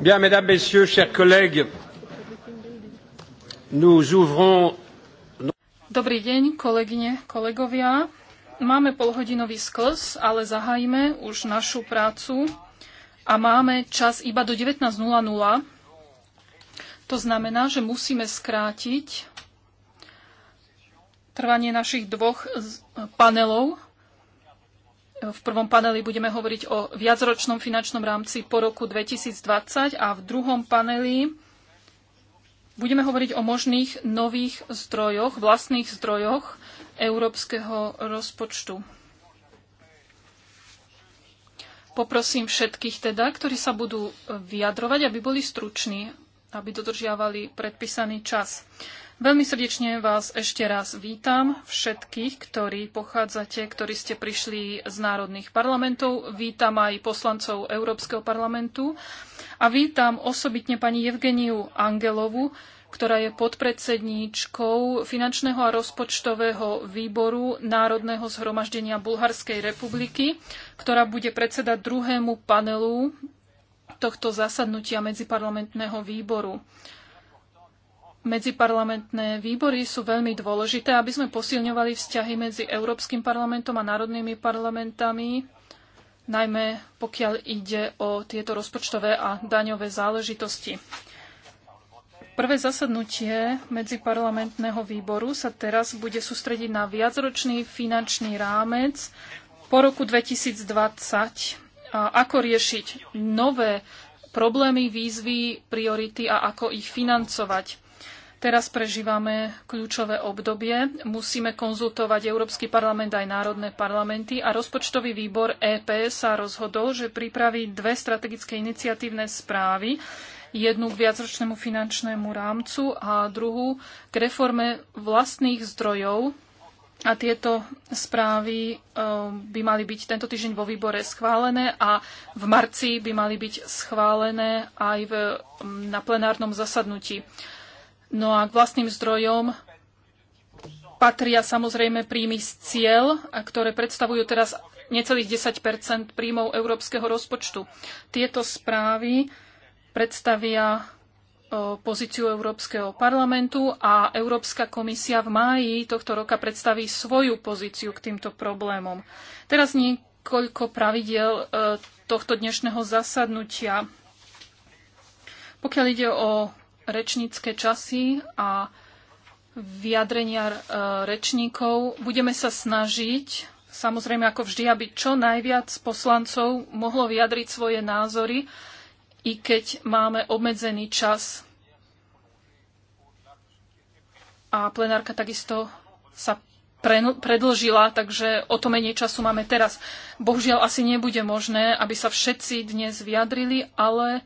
Bien, mesdames, messieurs, chers collègues, nous ouvrons... Dobrý deň, kolegyne, kolegovia. Máme polhodinový sklz, ale zahajme už našu prácu a máme čas iba do 19.00. To znamená, že musíme skrátiť trvanie našich dvoch panelov v prvom paneli budeme hovoriť o viacročnom finančnom rámci po roku 2020 a v druhom paneli budeme hovoriť o možných nových zdrojoch, vlastných zdrojoch európskeho rozpočtu. Poprosím všetkých teda, ktorí sa budú vyjadrovať, aby boli struční, aby dodržiavali predpísaný čas. Veľmi srdečne vás ešte raz vítam všetkých, ktorí pochádzate, ktorí ste prišli z národných parlamentov. Vítam aj poslancov Európskeho parlamentu a vítam osobitne pani Evgeniu Angelovu, ktorá je podpredsedníčkou Finančného a rozpočtového výboru Národného zhromaždenia Bulharskej republiky, ktorá bude predsedať druhému panelu tohto zasadnutia medziparlamentného výboru. Medziparlamentné výbory sú veľmi dôležité, aby sme posilňovali vzťahy medzi Európskym parlamentom a národnými parlamentami, najmä pokiaľ ide o tieto rozpočtové a daňové záležitosti. Prvé zasadnutie medziparlamentného výboru sa teraz bude sústrediť na viacročný finančný rámec po roku 2020. A ako riešiť nové problémy, výzvy, priority a ako ich financovať. Teraz prežívame kľúčové obdobie. Musíme konzultovať Európsky parlament aj národné parlamenty a rozpočtový výbor EP sa rozhodol, že pripraví dve strategické iniciatívne správy. Jednu k viacročnému finančnému rámcu a druhú k reforme vlastných zdrojov. A tieto správy eh, by mali byť tento týždeň vo výbore schválené a v marci by mali byť schválené aj v, na plenárnom zasadnutí. No a k vlastným zdrojom patria samozrejme príjmy z cieľ, ktoré predstavujú teraz necelých 10 príjmov európskeho rozpočtu. Tieto správy predstavia pozíciu Európskeho parlamentu a Európska komisia v máji tohto roka predstaví svoju pozíciu k týmto problémom. Teraz niekoľko pravidiel e, tohto dnešného zasadnutia. Pokiaľ ide o rečnícke časy a vyjadrenia e, rečníkov. Budeme sa snažiť, samozrejme ako vždy, aby čo najviac poslancov mohlo vyjadriť svoje názory, i keď máme obmedzený čas. A plenárka takisto sa predlžila, takže o to menej času máme teraz. Bohužiaľ asi nebude možné, aby sa všetci dnes vyjadrili, ale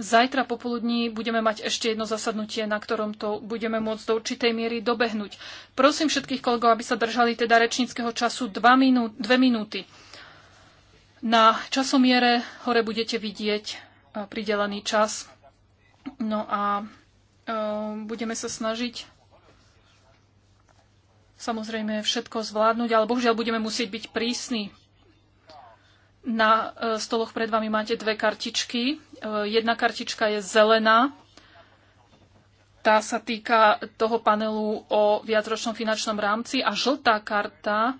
Zajtra popoludní budeme mať ešte jedno zasadnutie, na ktorom to budeme môcť do určitej miery dobehnúť. Prosím všetkých kolegov, aby sa držali teda rečníckého času 2 minú, minúty. Na časomiere hore budete vidieť e, pridelený čas. No a e, budeme sa snažiť samozrejme všetko zvládnuť, ale bohužiaľ budeme musieť byť prísni na e, stoloch pred vami máte dve kartičky. E, jedna kartička je zelená. Tá sa týka toho panelu o viacročnom finančnom rámci a žltá karta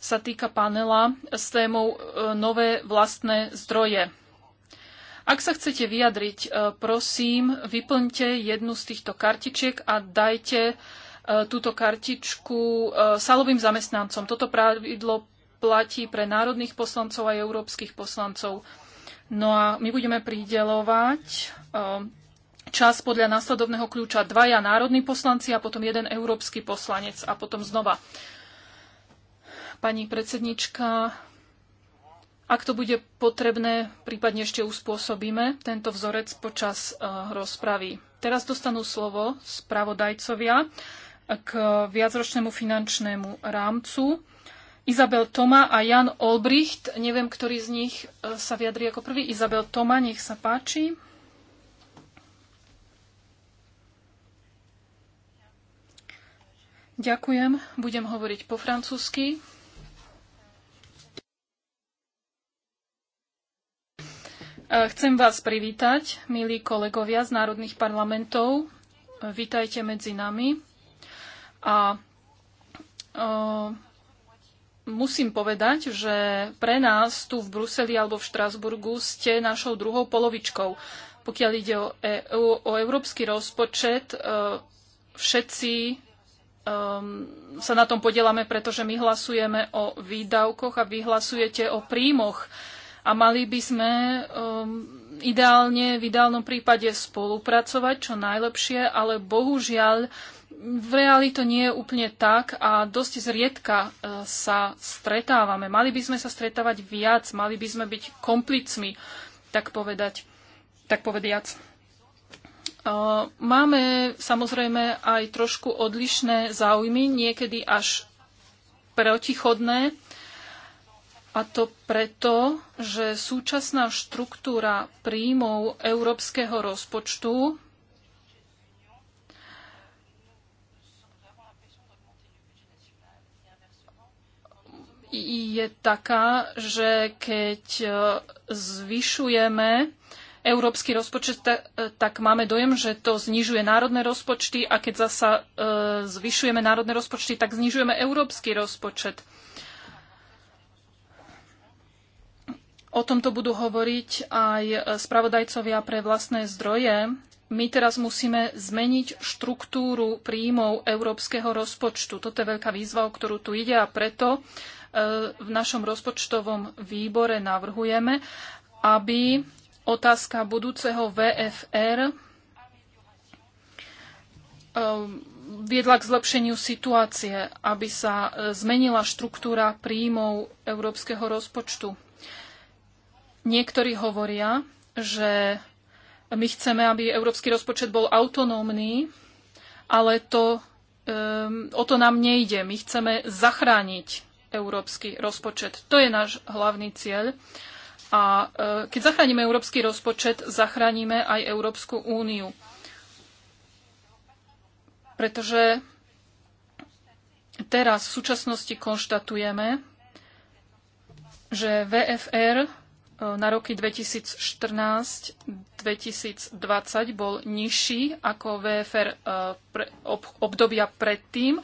sa týka panela s témou e, nové vlastné zdroje. Ak sa chcete vyjadriť, prosím, vyplňte jednu z týchto kartičiek a dajte túto kartičku salovým zamestnancom. Toto pravidlo platí pre národných poslancov aj európskych poslancov. No a my budeme pridelovať ehm, čas podľa následovného kľúča dvaja národní poslanci a potom jeden európsky poslanec a potom znova. Pani predsednička, ak to bude potrebné, prípadne ešte uspôsobíme tento vzorec počas eh, rozpravy. Teraz dostanú slovo spravodajcovia k viacročnému finančnému rámcu Izabel Toma a Jan Olbricht. Neviem, ktorý z nich e, sa vyjadrí ako prvý. Izabel Toma, nech sa páči. Ďakujem, budem hovoriť po francúzsky. E, chcem vás privítať, milí kolegovia z národných parlamentov. E, vítajte medzi nami. A musím povedať, že pre nás tu v Bruseli alebo v Štrasburgu ste našou druhou polovičkou. Pokiaľ ide o, e- o európsky rozpočet, e, všetci um, sa na tom podielame, pretože my hlasujeme o výdavkoch a vy hlasujete o príjmoch. A mali by sme um, ideálne, v ideálnom prípade spolupracovať čo najlepšie, ale bohužiaľ uh, v reáli to nie je úplne tak a dosť zriedka e, sa stretávame. Mali by sme sa stretávať viac, mali by sme byť komplicmi, tak povedať, tak povediac. E, máme samozrejme aj trošku odlišné záujmy, niekedy až protichodné. A to preto, že súčasná štruktúra príjmov európskeho rozpočtu je taká, že keď e, zvyšujeme európsky rozpočet, e, tak máme dojem, že to znižuje národné rozpočty a keď zasa e, zvyšujeme národné rozpočty, tak znižujeme európsky rozpočet. O tomto budú hovoriť aj spravodajcovia pre vlastné zdroje my teraz musíme zmeniť štruktúru príjmov európskeho rozpočtu. Toto je veľká výzva, o ktorú tu ide a preto e, v našom rozpočtovom výbore navrhujeme, aby otázka budúceho VFR e, viedla k zlepšeniu situácie, aby sa e, zmenila štruktúra príjmov európskeho rozpočtu. Niektorí hovoria, že my chceme, aby európsky rozpočet bol autonómny, ale to, um, o to nám nejde. My chceme zachrániť európsky rozpočet. To je náš hlavný cieľ. A uh, keď zachránime európsky rozpočet, zachránime aj Európsku úniu. Pretože teraz v súčasnosti konštatujeme, že VFR E, na roky 2014-2020 bol nižší ako VFR e, obdobia predtým.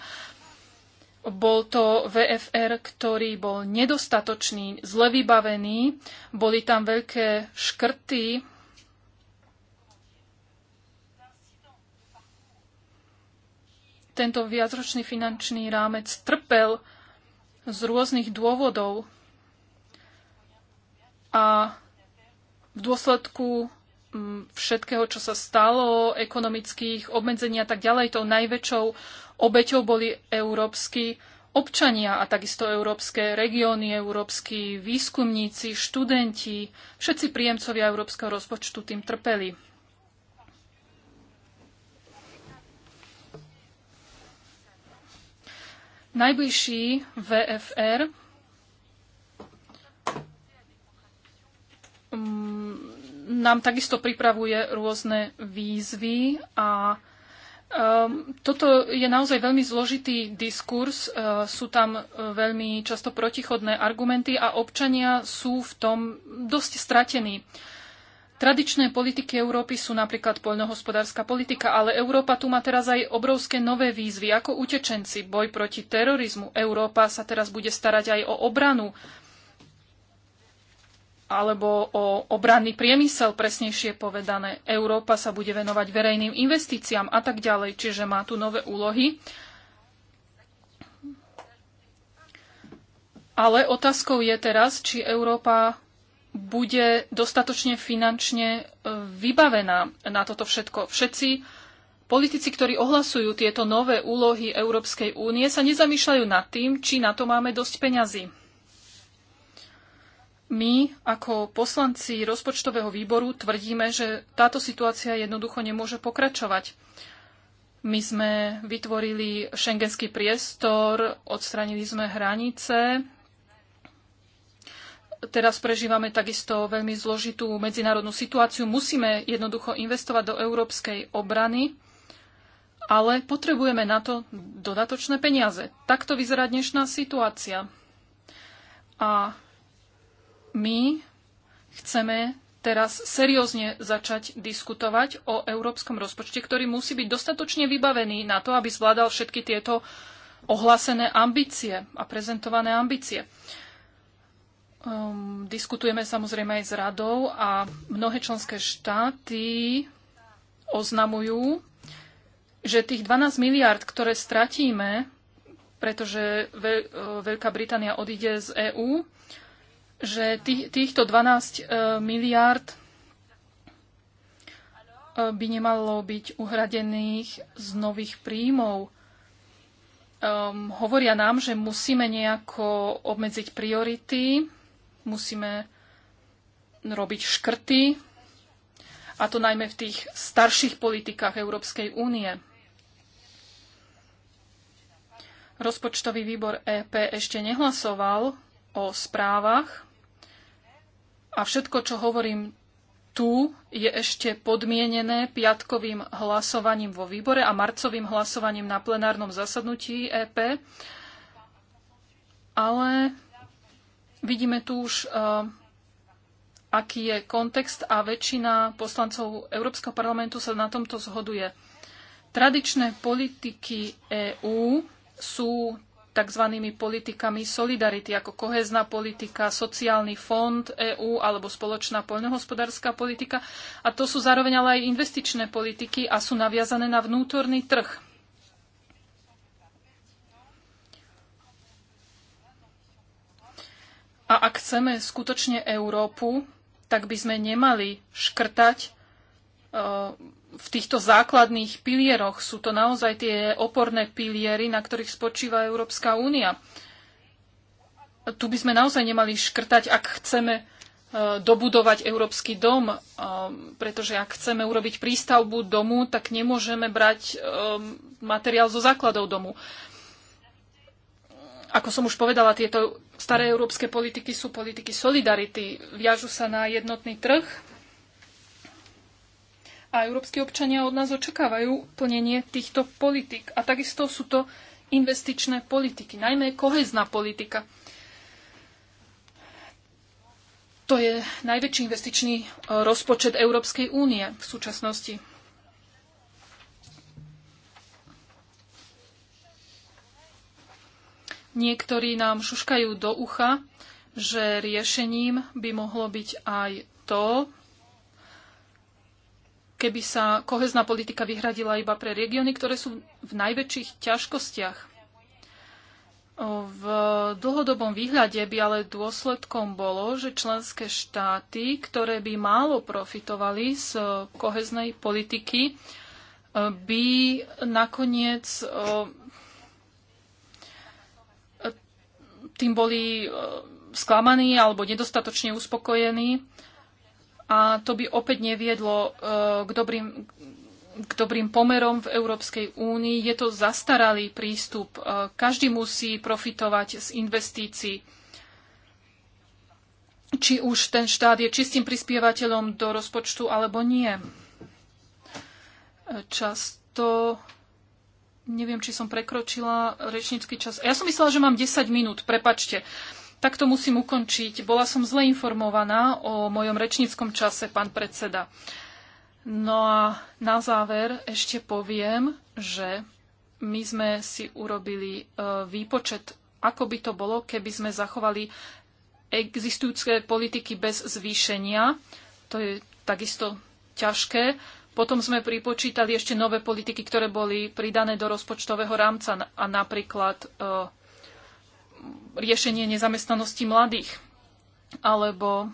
Bol to VFR, ktorý bol nedostatočný, zle vybavený, boli tam veľké škrty. Tento viacročný finančný rámec trpel z rôznych dôvodov a v dôsledku mm, všetkého, čo sa stalo, ekonomických obmedzení a tak ďalej, tou najväčšou obeťou boli európsky občania a takisto európske regióny, európsky výskumníci, študenti, všetci príjemcovia európskeho rozpočtu tým trpeli. Najbližší VFR nám takisto pripravuje rôzne výzvy a Um, toto je naozaj veľmi zložitý diskurs, uh, sú tam uh, veľmi často protichodné argumenty a občania sú v tom dosť stratení. Tradičné politiky Európy sú napríklad poľnohospodárska politika, ale Európa tu má teraz aj obrovské nové výzvy, ako utečenci, boj proti terorizmu. Európa sa teraz bude starať aj o obranu, alebo o obranný priemysel, presnejšie povedané. Európa sa bude venovať verejným investíciám a tak ďalej, čiže má tu nové úlohy. Ale otázkou je teraz, či Európa bude dostatočne finančne e, vybavená na toto všetko. Všetci Politici, ktorí ohlasujú tieto nové úlohy Európskej únie, sa nezamýšľajú nad tým, či na to máme dosť peňazí my ako poslanci rozpočtového výboru tvrdíme, že táto situácia jednoducho nemôže pokračovať. My sme vytvorili šengenský priestor, odstranili sme hranice. Teraz prežívame takisto veľmi zložitú medzinárodnú situáciu. Musíme jednoducho investovať do európskej obrany, ale potrebujeme na to dodatočné peniaze. Takto vyzerá dnešná situácia. A my chceme teraz seriózne začať diskutovať o európskom rozpočte, ktorý musí byť dostatočne vybavený na to, aby zvládal všetky tieto ohlásené ambície a prezentované ambície. Um, diskutujeme samozrejme aj s radou a mnohé členské štáty oznamujú, že tých 12 miliard, ktoré stratíme, pretože Veľká Británia odíde z EÚ, že tých, týchto 12 e, miliárd e, by nemalo byť uhradených z nových príjmov. Um, hovoria nám, že musíme nejako obmedziť priority, musíme robiť škrty, a to najmä v tých starších politikách Európskej únie. Rozpočtový výbor EP ešte nehlasoval o správach a všetko, čo hovorím tu, je ešte podmienené piatkovým hlasovaním vo výbore a marcovým hlasovaním na plenárnom zasadnutí EP. Ale vidíme tu už, uh, aký je kontext a väčšina poslancov Európskeho parlamentu sa na tomto zhoduje. Tradičné politiky EÚ sú tzv. politikami solidarity, ako kohezná politika, sociálny fond EÚ alebo spoločná poľnohospodárska politika. A to sú zároveň ale aj investičné politiky a sú naviazané na vnútorný trh. A ak chceme skutočne Európu, tak by sme nemali škrtať e, v týchto základných pilieroch sú to naozaj tie oporné piliery, na ktorých spočíva Európska únia. Tu by sme naozaj nemali škrtať, ak chceme e, dobudovať Európsky dom, e, pretože ak chceme urobiť prístavbu domu, tak nemôžeme brať e, materiál zo základov domu. Ako som už povedala, tieto staré európske politiky sú politiky solidarity. Viažu sa na jednotný trh, a európsky občania od nás očakávajú plnenie týchto politik. A takisto sú to investičné politiky, najmä kohezná politika. To je najväčší investičný e, rozpočet Európskej únie v súčasnosti. Niektorí nám šuškajú do ucha, že riešením by mohlo byť aj to, keby sa kohezná politika vyhradila iba pre regióny, ktoré sú v najväčších ťažkostiach. V dlhodobom výhľade by ale dôsledkom bolo, že členské štáty, ktoré by málo profitovali z e, koheznej politiky, e, by nakoniec e, tým boli sklamaní alebo nedostatočne uspokojení a to by opäť neviedlo e, k dobrým, k dobrým pomerom v Európskej únii. Je to zastaralý prístup. E, každý musí profitovať z investícií. Či už ten štát je čistým prispievateľom do rozpočtu alebo nie. E, často neviem, či som prekročila rečnícky čas. Ja som myslela, že mám 10 minút, prepačte. Uh, tak to musím ukončiť. Bola som zle informovaná o mojom rečníckom čase, pán predseda. No a na záver ešte poviem, že my sme si urobili e, výpočet, ako by to bolo, keby sme zachovali existujúce politiky bez zvýšenia. To je takisto ťažké. Potom sme pripočítali ešte nové politiky, ktoré boli pridané do rozpočtového rámca a napríklad e, riešenie nezamestnanosti mladých alebo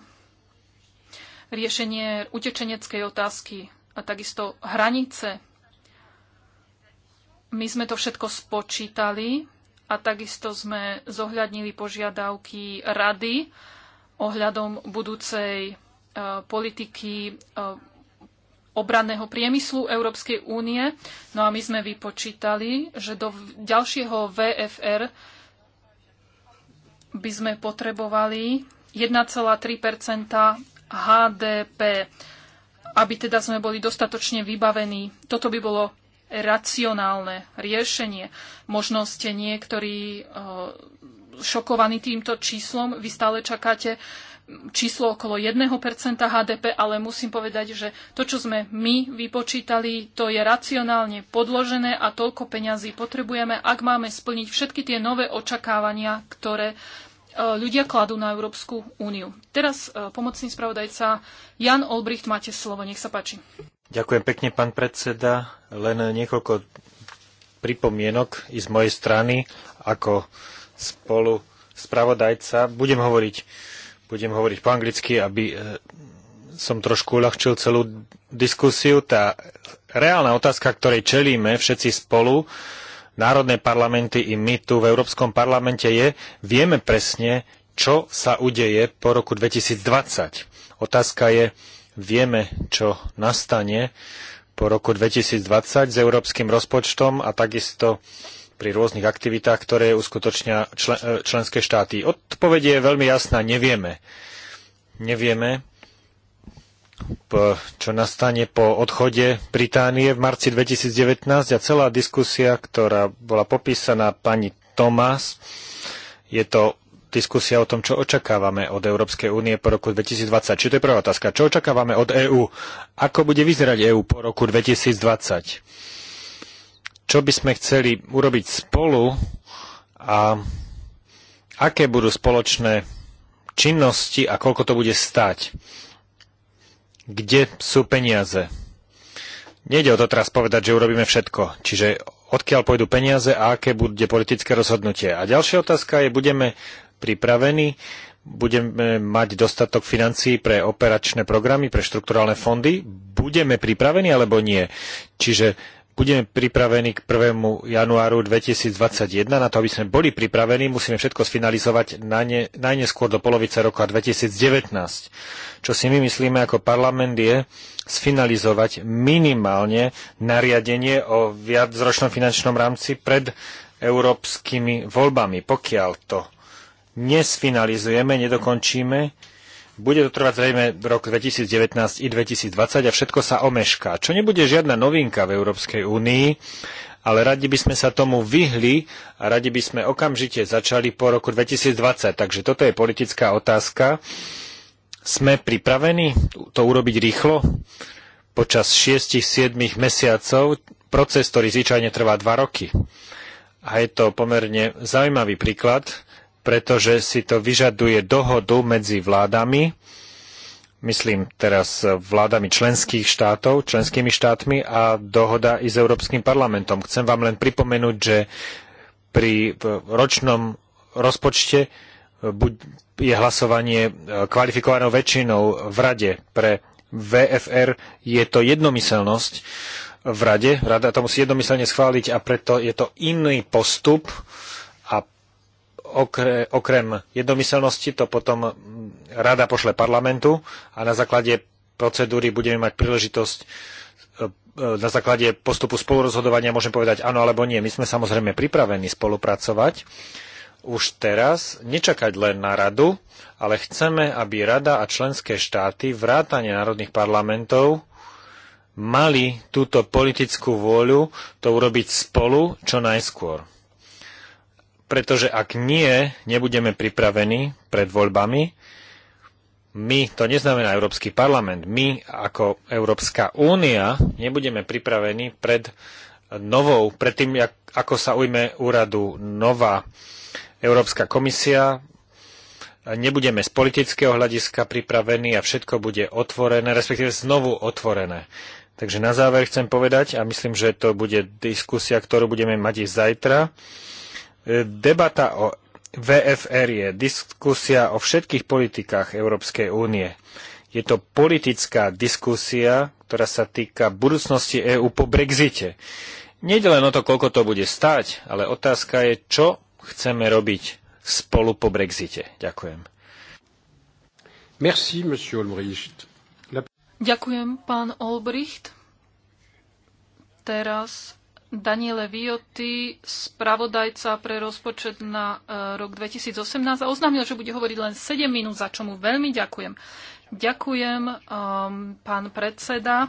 riešenie utečeneckej otázky a takisto hranice. My sme to všetko spočítali a takisto sme zohľadnili požiadavky rady ohľadom budúcej e, politiky e, obranného priemyslu Európskej únie. No a my sme vypočítali, že do ďalšieho VFR by sme potrebovali 1,3 HDP, aby teda sme boli dostatočne vybavení. Toto by bolo racionálne riešenie. Možno ste niektorí eh, šokovaní týmto číslom. Vy stále čakáte číslo okolo 1% HDP, ale musím povedať, že to, čo sme my vypočítali, to je racionálne podložené a toľko peňazí potrebujeme, ak máme splniť všetky tie nové očakávania, ktoré E, ľudia kladú na Európsku úniu. Teraz e, pomocný spravodajca Jan Olbricht, máte slovo, nech sa páči. Ďakujem pekne, pán predseda. Len niekoľko pripomienok i z mojej strany ako spolu spravodajca. Budem hovoriť, budem hovoriť po anglicky, aby e, som trošku uľahčil celú diskusiu. Tá reálna otázka, ktorej čelíme všetci spolu, národné parlamenty i my tu v Európskom parlamente je, vieme presne, čo sa udeje po roku 2020. Otázka je, vieme, čo nastane po roku 2020 s európskym rozpočtom a takisto pri rôznych aktivitách, ktoré uskutočnia člen, e, členské štáty. Odpoveď je veľmi jasná, nevieme. Nevieme, čo nastane po odchode Británie v marci 2019 a celá diskusia, ktorá bola popísaná pani Tomás, je to diskusia o tom, čo očakávame od Európskej únie po roku 2020. Čiže to je prvá otázka. Čo očakávame od EÚ? Ako bude vyzerať EÚ po roku 2020? Čo by sme chceli urobiť spolu a aké budú spoločné činnosti a koľko to bude stať? kde sú peniaze. Nejde o to teraz povedať, že urobíme všetko. Čiže odkiaľ pôjdu peniaze a aké bude politické rozhodnutie. A ďalšia otázka je, budeme pripravení, budeme mať dostatok financií pre operačné programy, pre štrukturálne fondy, budeme pripravení alebo nie. Čiže budeme pripravení k 1. januáru 2021. Na to, aby sme boli pripravení, musíme všetko sfinalizovať na ne, najneskôr do polovice roka 2019. Čo si my myslíme ako parlament je sfinalizovať minimálne nariadenie o viacročnom finančnom rámci pred európskymi voľbami. Pokiaľ to nesfinalizujeme, nedokončíme, bude to trvať zrejme rok 2019 i 2020 a všetko sa omešká, čo nebude žiadna novinka v Európskej únii, ale radi by sme sa tomu vyhli a radi by sme okamžite začali po roku 2020. Takže toto je politická otázka. Sme pripravení to urobiť rýchlo? Počas 6-7 mesiacov proces, ktorý zvyčajne trvá 2 roky. A je to pomerne zaujímavý príklad, pretože si to vyžaduje dohodu medzi vládami, myslím teraz vládami členských štátov, členskými štátmi a dohoda i s Európskym parlamentom. Chcem vám len pripomenúť, že pri ročnom rozpočte eh, je hlasovanie eh, kvalifikovanou väčšinou v Rade. Pre VFR je to jednomyselnosť v Rade. Rada to musí jednomyselne schváliť a preto je to iný postup, okre, okrem jednomyselnosti to potom rada pošle parlamentu a na základe procedúry budeme mať príležitosť e, e, na základe postupu spolurozhodovania môžem povedať áno alebo nie. My sme samozrejme pripravení spolupracovať už teraz, nečakať len na radu, ale chceme, aby rada a členské štáty vrátane národných parlamentov mali túto politickú vôľu to urobiť spolu čo najskôr pretože ak nie, nebudeme pripravení pred voľbami. My, to neznamená Európsky parlament, my ako Európska únia nebudeme pripravení pred novou, pred tým, jak, ako sa ujme úradu nová Európska komisia, nebudeme z politického hľadiska pripravení a všetko bude otvorené, respektíve znovu otvorené. Takže na záver chcem povedať, a myslím, že to bude diskusia, ktorú budeme mať i zajtra, Debata o VFR je diskusia o všetkých politikách Európskej únie. Je to politická diskusia, ktorá sa týka budúcnosti EÚ po Brexite. Nejde len o to, koľko to bude stáť, ale otázka je, čo chceme robiť spolu po Brexite. Ďakujem. Merci, monsieur Olbricht. La... Ďakujem, pán Olbricht. Teraz Daniele Vioty, spravodajca pre rozpočet na e, rok 2018 a oznámil, že bude hovoriť len 7 minút, za čo mu veľmi ďakujem. Ďakujem, um, pán predseda.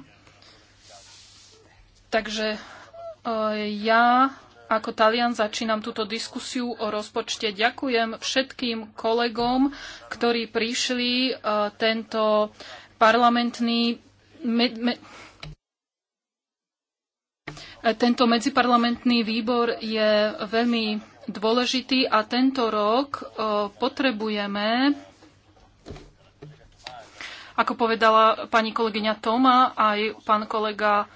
Takže uh, ja ako Talian začínam túto diskusiu o rozpočte. Ďakujem všetkým kolegom, ktorí prišli uh, tento parlamentný me, me, tento medziparlamentný výbor je veľmi dôležitý a tento rok potrebujeme, ako povedala pani kolegyňa Toma aj pán kolega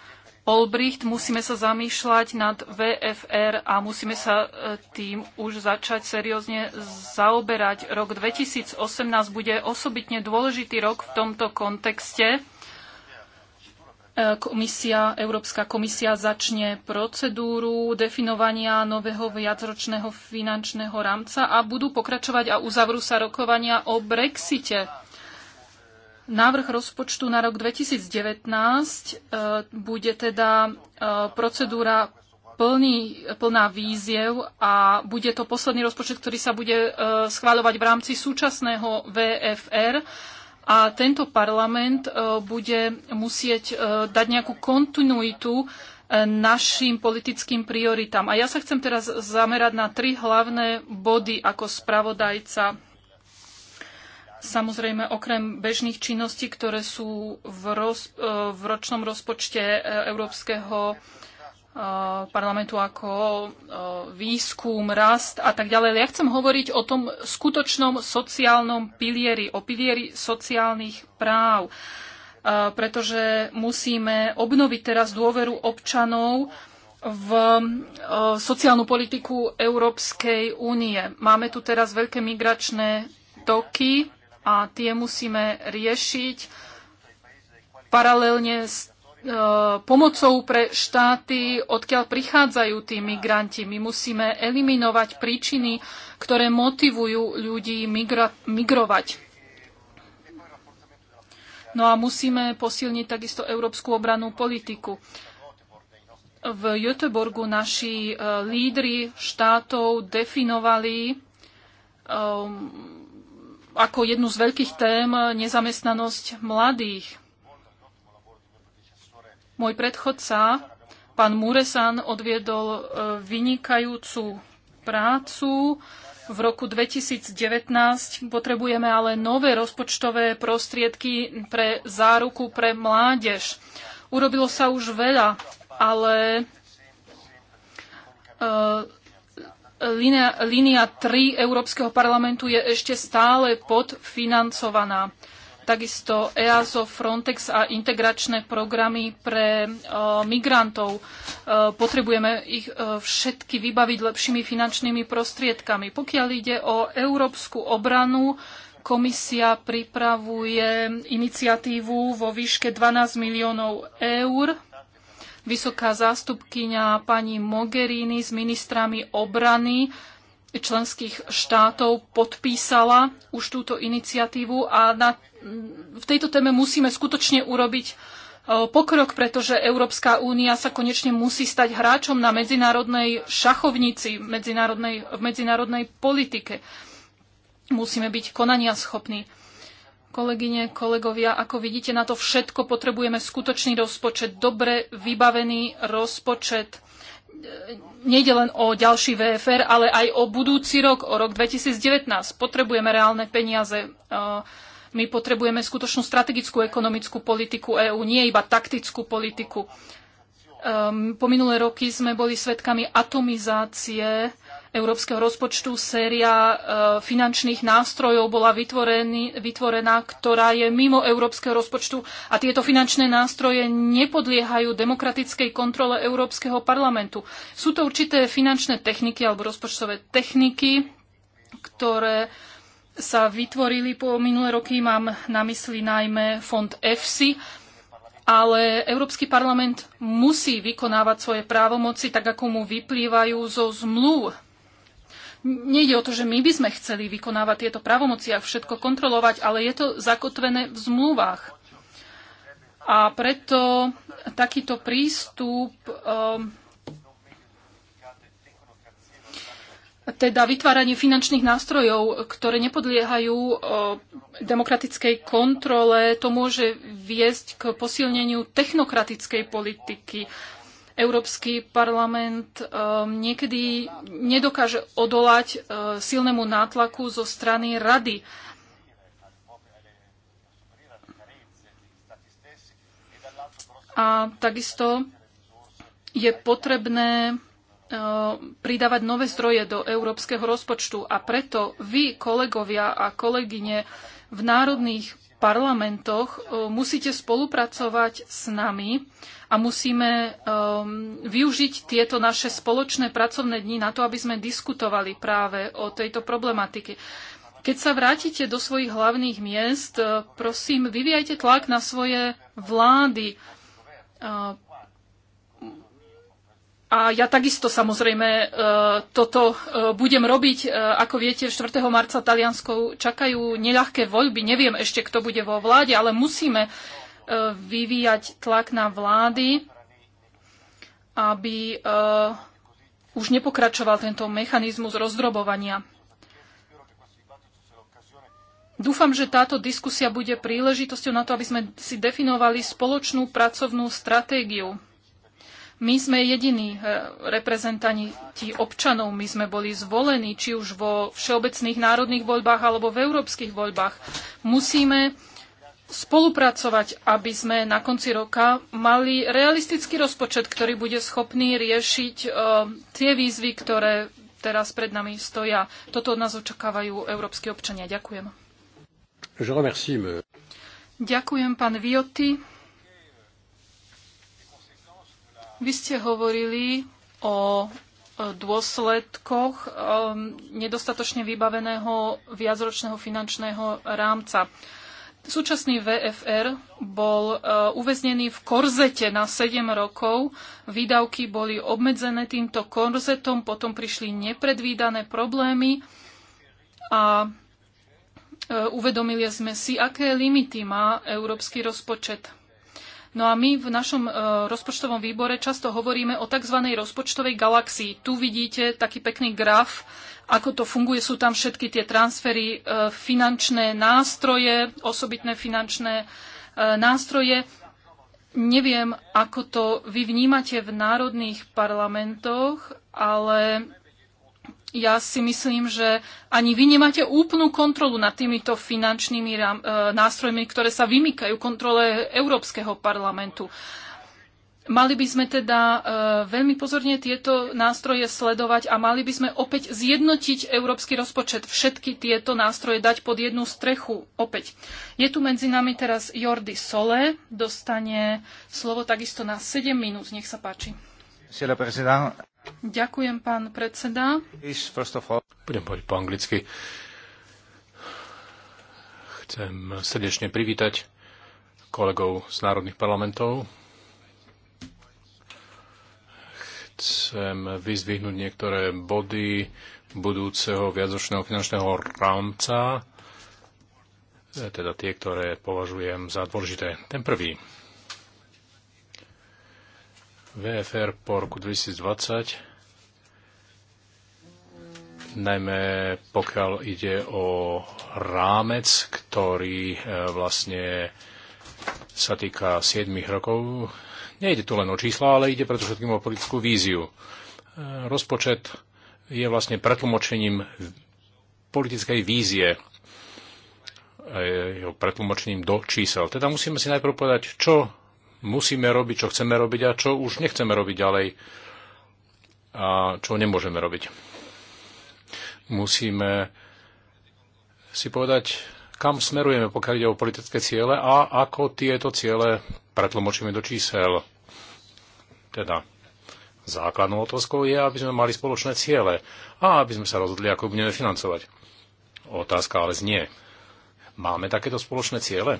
Olbricht, musíme sa zamýšľať nad VFR a musíme sa e, tým už začať seriózne zaoberať. Rok 2018 bude osobitne dôležitý rok v tomto kontexte komisia, Európska komisia začne procedúru definovania nového viacročného finančného rámca a budú pokračovať a uzavrú sa rokovania o Brexite. Návrh rozpočtu na rok 2019 e, bude teda e, procedúra plný, plná víziev a bude to posledný rozpočet, ktorý sa bude e, schváľovať v rámci súčasného VFR a tento parlament e, bude musieť e, dať nejakú kontinuitu e, našim politickým prioritám. A ja sa chcem teraz zamerať na tri hlavné body ako spravodajca. Samozrejme, okrem bežných činností, ktoré sú v, roz, v ročnom rozpočte Európskeho Eh, parlamentu ako eh, výskum, rast a tak ďalej. Ja chcem hovoriť o tom skutočnom sociálnom pilieri, o pilieri sociálnych práv, eh, pretože musíme obnoviť teraz dôveru občanov v sociálnu politiku Európskej únie. Máme tu teraz veľké migračné toky a tie musíme riešiť paralelne s E, pomocou pre štáty, odkiaľ prichádzajú tí migranti. My musíme eliminovať príčiny, ktoré motivujú ľudí migra- migrovať. No a musíme posilniť takisto európsku obranú politiku. V Göteborgu naši e, lídry štátov definovali um, ako jednu z veľkých tém nezamestnanosť mladých môj predchodca, pán Muresan, odviedol e, vynikajúcu prácu. V roku 2019 potrebujeme ale nové rozpočtové prostriedky pre záruku pre mládež. Urobilo sa už veľa, ale e, línia, línia 3 Európskeho parlamentu je ešte stále podfinancovaná takisto EASO, Frontex a integračné programy pre uh, migrantov. Uh, potrebujeme ich uh, všetky vybaviť lepšími finančnými prostriedkami. Pokiaľ ide o európsku obranu, komisia pripravuje iniciatívu vo výške 12 miliónov eur. Vysoká zástupkyňa pani Mogherini s ministrami obrany členských štátov podpísala už túto iniciatívu a na, v tejto téme musíme skutočne urobiť e, pokrok, pretože Európska únia sa konečne musí stať hráčom na medzinárodnej šachovnici, medzinárodnej, v medzinárodnej politike. Musíme byť konania schopní. Kolegyne, kolegovia, ako vidíte, na to všetko potrebujeme skutočný rozpočet, dobre vybavený rozpočet, nejde len o ďalší VFR, ale aj o budúci rok, o rok 2019. Potrebujeme reálne peniaze. E, my potrebujeme skutočnú strategickú ekonomickú politiku EÚ, nie iba taktickú politiku. Ehm, po minulé roky sme boli svedkami atomizácie európskeho rozpočtu séria e, finančných nástrojov bola vytvorená, ktorá je mimo európskeho rozpočtu a tieto finančné nástroje nepodliehajú demokratickej kontrole Európskeho parlamentu. Sú to určité finančné techniky alebo rozpočtové techniky, ktoré sa vytvorili po minulé roky, mám na mysli najmä fond EFSI, ale Európsky parlament musí vykonávať svoje právomoci tak, ako mu vyplývajú zo zmluv Nejde o to, že my by sme chceli vykonávať tieto právomoci a všetko kontrolovať, ale je to zakotvené v zmluvách. A preto takýto prístup um, teda vytváranie finančných nástrojov, ktoré nepodliehajú ehm, demokratickej kontrole, to môže viesť k posilneniu technokratickej politiky. Európsky parlament ehm, niekedy nedokáže odolať eh, silnému nátlaku zo strany rady. A takisto je potrebné eh, pridávať nové zdroje do európskeho rozpočtu. A preto vy, kolegovia a kolegyne v národných parlamentoch, eh, musíte spolupracovať s nami a musíme um, využiť tieto naše spoločné pracovné dni na to, aby sme diskutovali práve o tejto problematike. Keď sa vrátite do svojich hlavných miest, uh, prosím, vyvíjajte tlak na svoje vlády. Uh, a ja takisto samozrejme uh, toto budem robiť. Ako viete, 4. marca Talianskou čakajú neľahké voľby. Neviem ešte, kto bude vo vláde, ale musíme E, vyvíjať tlak na vlády, aby e, už nepokračoval tento mechanizmus rozdrobovania. Dúfam, že táto diskusia bude príležitosťou na to, aby sme si definovali spoločnú pracovnú stratégiu. My sme jediní e, reprezentanti občanov, my sme boli zvolení či už vo všeobecných národných voľbách alebo v európskych voľbách. Musíme spolupracovať, aby sme na konci roka mali realistický rozpočet, ktorý bude schopný riešiť e, tie výzvy, ktoré teraz pred nami stoja. Toto od nás očakávajú európsky občania. Ďakujem. Ďakujem, pán Vioty. Vy ste hovorili o e, dôsledkoch e, nedostatočne vybaveného viacročného finančného rámca. Súčasný VFR bol e, uväznený v korzete na 7 rokov. Výdavky boli obmedzené týmto korzetom, potom prišli nepredvídané problémy a e, uvedomili sme si, aké limity má európsky rozpočet. No a my v našom e, rozpočtovom výbore často hovoríme o tzv. rozpočtovej galaxii. Tu vidíte taký pekný graf, ako to funguje. Sú tam všetky tie transfery, e, finančné nástroje, osobitné finančné e, nástroje. Neviem, ako to vy vnímate v národných parlamentoch, ale ja si myslím, že ani vy nemáte úplnú kontrolu nad týmito finančnými e, nástrojmi, ktoré sa vymykajú kontrole Európskeho parlamentu. Mali by sme teda e, veľmi pozorne tieto nástroje sledovať a mali by sme opäť zjednotiť európsky rozpočet, všetky tieto nástroje dať pod jednu strechu opäť. Je tu medzi nami teraz Jordi Sole, dostane slovo takisto na 7 minút, nech sa páči. Ďakujem, pán predseda. Budem povedať po anglicky. Chcem srdečne privítať kolegov z národných parlamentov, chcem vyzdvihnúť niektoré body budúceho viacročného finančného rámca, e, teda tie, ktoré považujem za dôležité. Ten prvý. VFR po roku 2020, najmä pokiaľ ide o rámec, ktorý e, vlastne sa týka 7 rokov. Nejde tu len o čísla, ale ide preto všetkým o politickú víziu. E, rozpočet je vlastne pretlmočením politickej vízie, jeho pretlmočením do čísel. Teda musíme si najprv povedať, čo musíme robiť, čo chceme robiť a čo už nechceme robiť ďalej a čo nemôžeme robiť. Musíme si povedať, kam smerujeme, pokiaľ ide o politické ciele a ako tieto ciele pretlmočíme do čísel. Teda základnou otázkou je, aby sme mali spoločné ciele a aby sme sa rozhodli, ako budeme financovať. Otázka ale znie. Máme takéto spoločné ciele?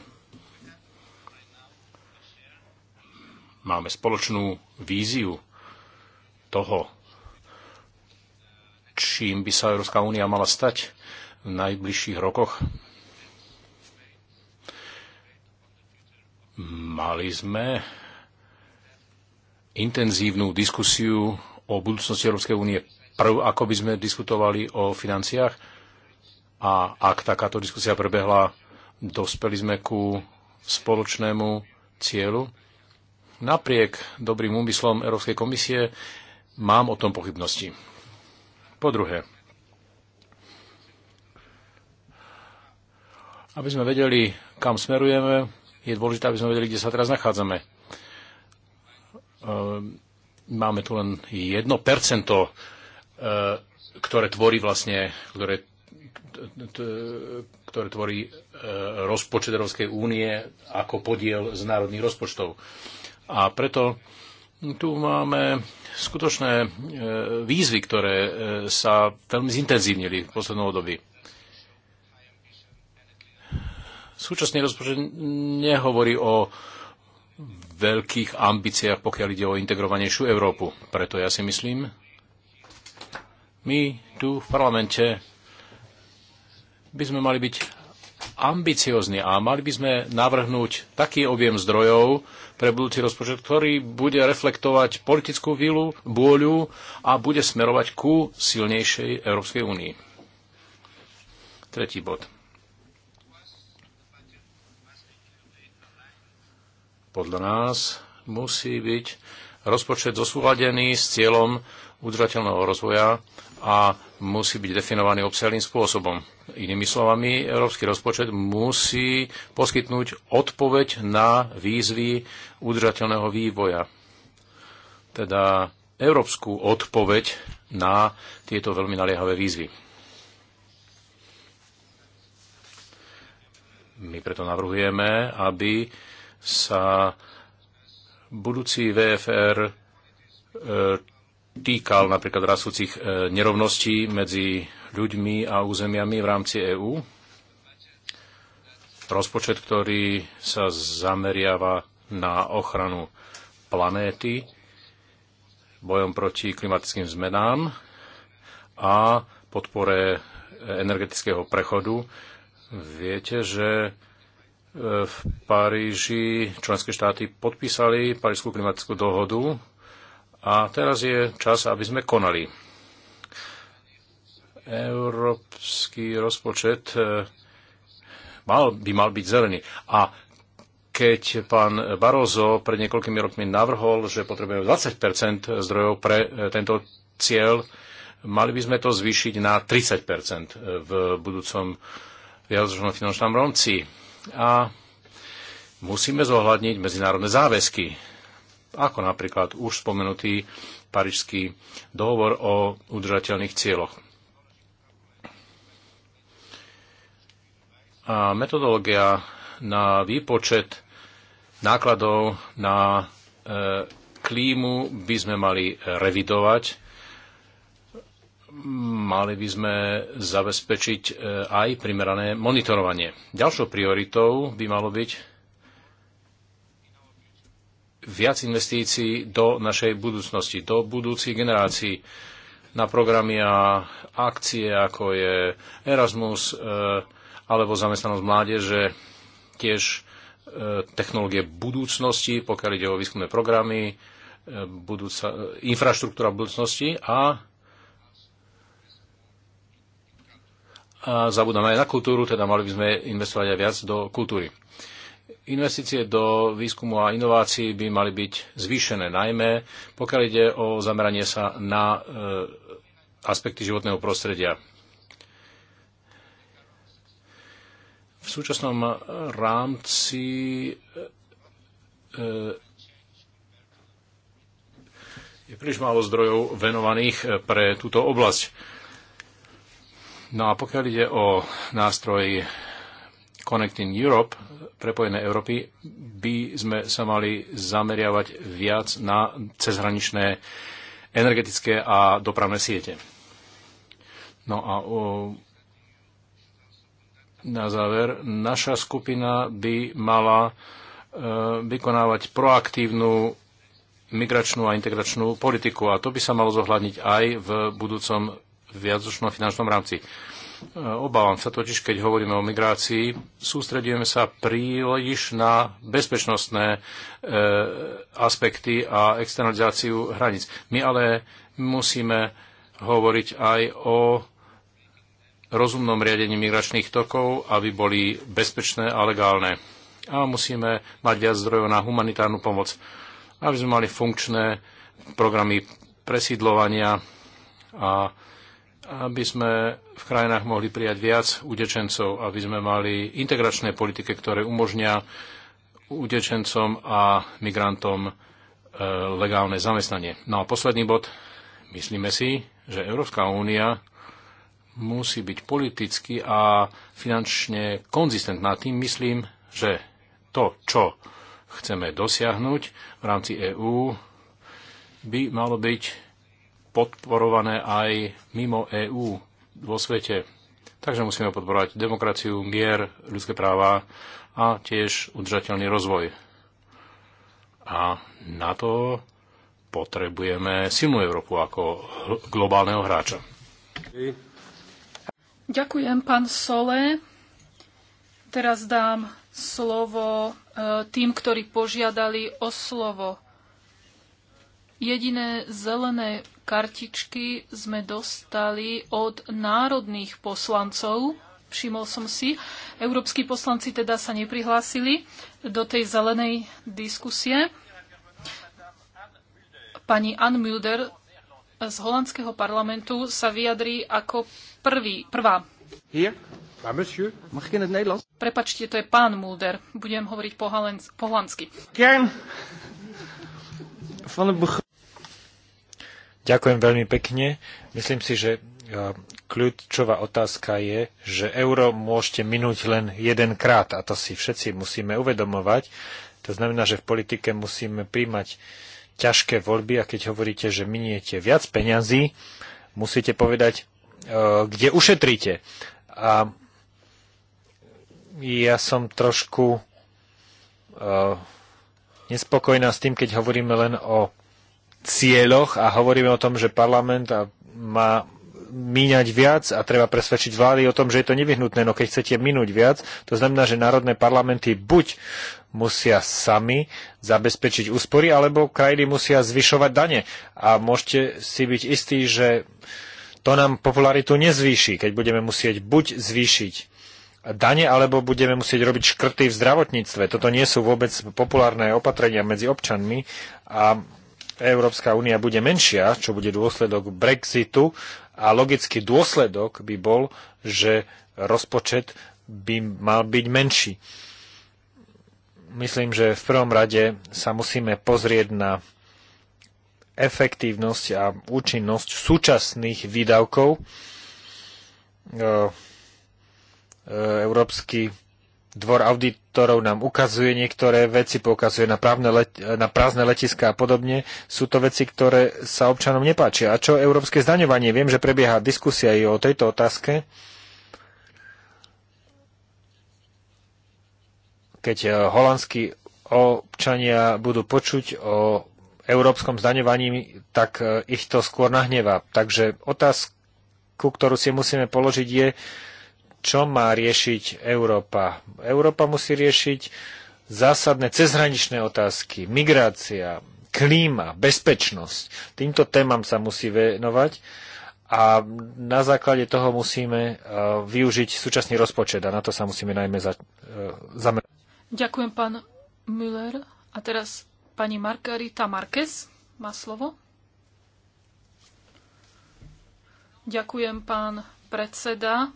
Máme spoločnú víziu toho, čím by sa Európska únia mala stať v najbližších rokoch Mali sme intenzívnu diskusiu o budúcnosti Európskej únie prv, ako by sme diskutovali o financiách. A ak takáto diskusia prebehla, dospeli sme ku spoločnému cieľu. Napriek dobrým úmyslom Európskej komisie mám o tom pochybnosti. Po druhé, aby sme vedeli, kam smerujeme, je dôležité, aby sme vedeli, kde sa teraz nachádzame. E, máme tu len 1%, e, ktoré tvorí vlastne, ktoré, ktoré tvorí e, rozpočet Európskej únie ako podiel z národných rozpočtov. A preto tu máme skutočné výzvy, ktoré sa veľmi zintenzívnili v poslednom období. Súčasný rozpočet nehovorí o veľkých ambíciách, pokiaľ ide o integrovanejšiu Európu. Preto ja si myslím, my tu v parlamente by sme mali byť ambiciozni a mali by sme navrhnúť taký objem zdrojov pre budúci rozpočet, ktorý bude reflektovať politickú vilu, bôľu a bude smerovať ku silnejšej Európskej únii. Tretí bod. podľa nás musí byť rozpočet zosúladený s cieľom udržateľného rozvoja a musí byť definovaný obsiahlým spôsobom. Inými slovami, európsky rozpočet musí poskytnúť odpoveď na výzvy udržateľného vývoja. Teda európsku odpoveď na tieto veľmi naliehavé výzvy. My preto navrhujeme, aby sa budúci VFR e, týkal napríklad rastúcich e, nerovností medzi ľuďmi a územiami v rámci EÚ. Rozpočet, ktorý sa zameriava na ochranu planéty, bojom proti klimatickým zmenám a podpore e, energetického prechodu. Viete, že v Paríži členské štáty podpísali Parížskú klimatickú dohodu a teraz je čas, aby sme konali. Európsky rozpočet eh, mal, by mal byť zelený. A keď pán Barozo pred niekoľkými rokmi navrhol, že potrebujeme 20 zdrojov pre eh, tento cieľ, mali by sme to zvýšiť na 30 v budúcom viacročnom finančnom rámci a musíme zohľadniť medzinárodné záväzky, ako napríklad už spomenutý Parížský dohovor o udržateľných cieľoch. A metodológia na výpočet nákladov na e, klímu by sme mali revidovať mali by sme zabezpečiť e, aj primerané monitorovanie. Ďalšou prioritou by malo byť viac investícií do našej budúcnosti, do budúcich generácií na programy a akcie, ako je Erasmus e, alebo zamestnanosť mládeže, tiež e, technológie budúcnosti, pokiaľ ide o výskumné programy, budúca, infraštruktúra budúcnosti a a zabudáme aj na kultúru, teda mali by sme investovať aj viac do kultúry. Investície do výskumu a inovácií by mali byť zvýšené, najmä pokiaľ ide o zameranie sa na e, aspekty životného prostredia. V súčasnom rámci e, e je príliš málo zdrojov venovaných e, pre túto oblasť. No a pokiaľ ide o nástroj Connecting Europe, prepojené Európy, by sme sa mali zameriavať viac na cezhraničné energetické a dopravné siete. No a o, na záver, naša skupina by mala e, vykonávať proaktívnu migračnú a integračnú politiku a to by sa malo zohľadniť aj v budúcom viacročnom finančnom rámci. Obávam sa totiž, keď hovoríme o migrácii, sústredujeme sa príliš na bezpečnostné e, aspekty a externalizáciu hraníc. My ale musíme hovoriť aj o rozumnom riadení migračných tokov, aby boli bezpečné a legálne. A musíme mať viac zdrojov na humanitárnu pomoc, aby sme mali funkčné programy presídlovania a aby sme v krajinách mohli prijať viac utečencov, aby sme mali integračné politike, ktoré umožnia utečencom a migrantom e, legálne zamestnanie. No a posledný bod. Myslíme si, že Európska únia musí byť politicky a finančne konzistentná. Tým myslím, že to, čo chceme dosiahnuť v rámci EÚ, by malo byť podporované aj mimo EÚ vo svete. Takže musíme podporovať demokraciu, mier, ľudské práva a tiež udržateľný rozvoj. A na to potrebujeme silnú Európu ako globálneho hráča. Ďakujem, pán Sole. Teraz dám slovo e, tým, ktorí požiadali o slovo. Jediné zelené kartičky sme dostali od národných poslancov. Všimol som si, európsky poslanci teda sa neprihlásili do tej zelenej diskusie. Pani Ann Mulder z holandského parlamentu sa vyjadrí ako prvý, prvá. Hier, Prepačte, to je pán Mulder. Budem hovoriť po, po holandsky. Kern van de Ďakujem veľmi pekne. Myslím si, že e, kľúčová otázka je, že euro môžete minúť len jedenkrát a to si všetci musíme uvedomovať. To znamená, že v politike musíme príjmať ťažké voľby a keď hovoríte, že miniete viac peňazí, musíte povedať, e, kde ušetríte. A ja som trošku e, nespokojná s tým, keď hovoríme len o cieľoch a hovoríme o tom, že parlament má míňať viac a treba presvedčiť vlády o tom, že je to nevyhnutné. No keď chcete minúť viac, to znamená, že národné parlamenty buď musia sami zabezpečiť úspory, alebo krajiny musia zvyšovať dane. A môžete si byť istí, že to nám popularitu nezvýši, keď budeme musieť buď zvýšiť dane, alebo budeme musieť robiť škrty v zdravotníctve. Toto nie sú vôbec populárne opatrenia medzi občanmi a Európska únia bude menšia, čo bude dôsledok Brexitu a logický dôsledok by bol, že rozpočet by mal byť menší. Myslím, že v prvom rade sa musíme pozrieť na efektívnosť a účinnosť súčasných výdavkov. E, e, Európsky Dvor auditorov nám ukazuje niektoré veci, poukazuje na, právne let, na prázdne letiska a podobne. Sú to veci, ktoré sa občanom nepáčia. A čo európske zdaňovanie? Viem, že prebieha diskusia aj o tejto otázke. Keď eh, holandskí občania budú počuť o európskom zdaňovaní, tak eh, ich to skôr nahnevá. Takže otázku, ktorú si musíme položiť, je, čo má riešiť Európa. Európa musí riešiť zásadné cezhraničné otázky, migrácia, klíma, bezpečnosť. Týmto témam sa musí venovať a na základe toho musíme e, využiť súčasný rozpočet a na to sa musíme najmä za, e, zamerať. Ďakujem, pán Müller. A teraz pani Margarita Marquez má slovo. Ďakujem, pán predseda.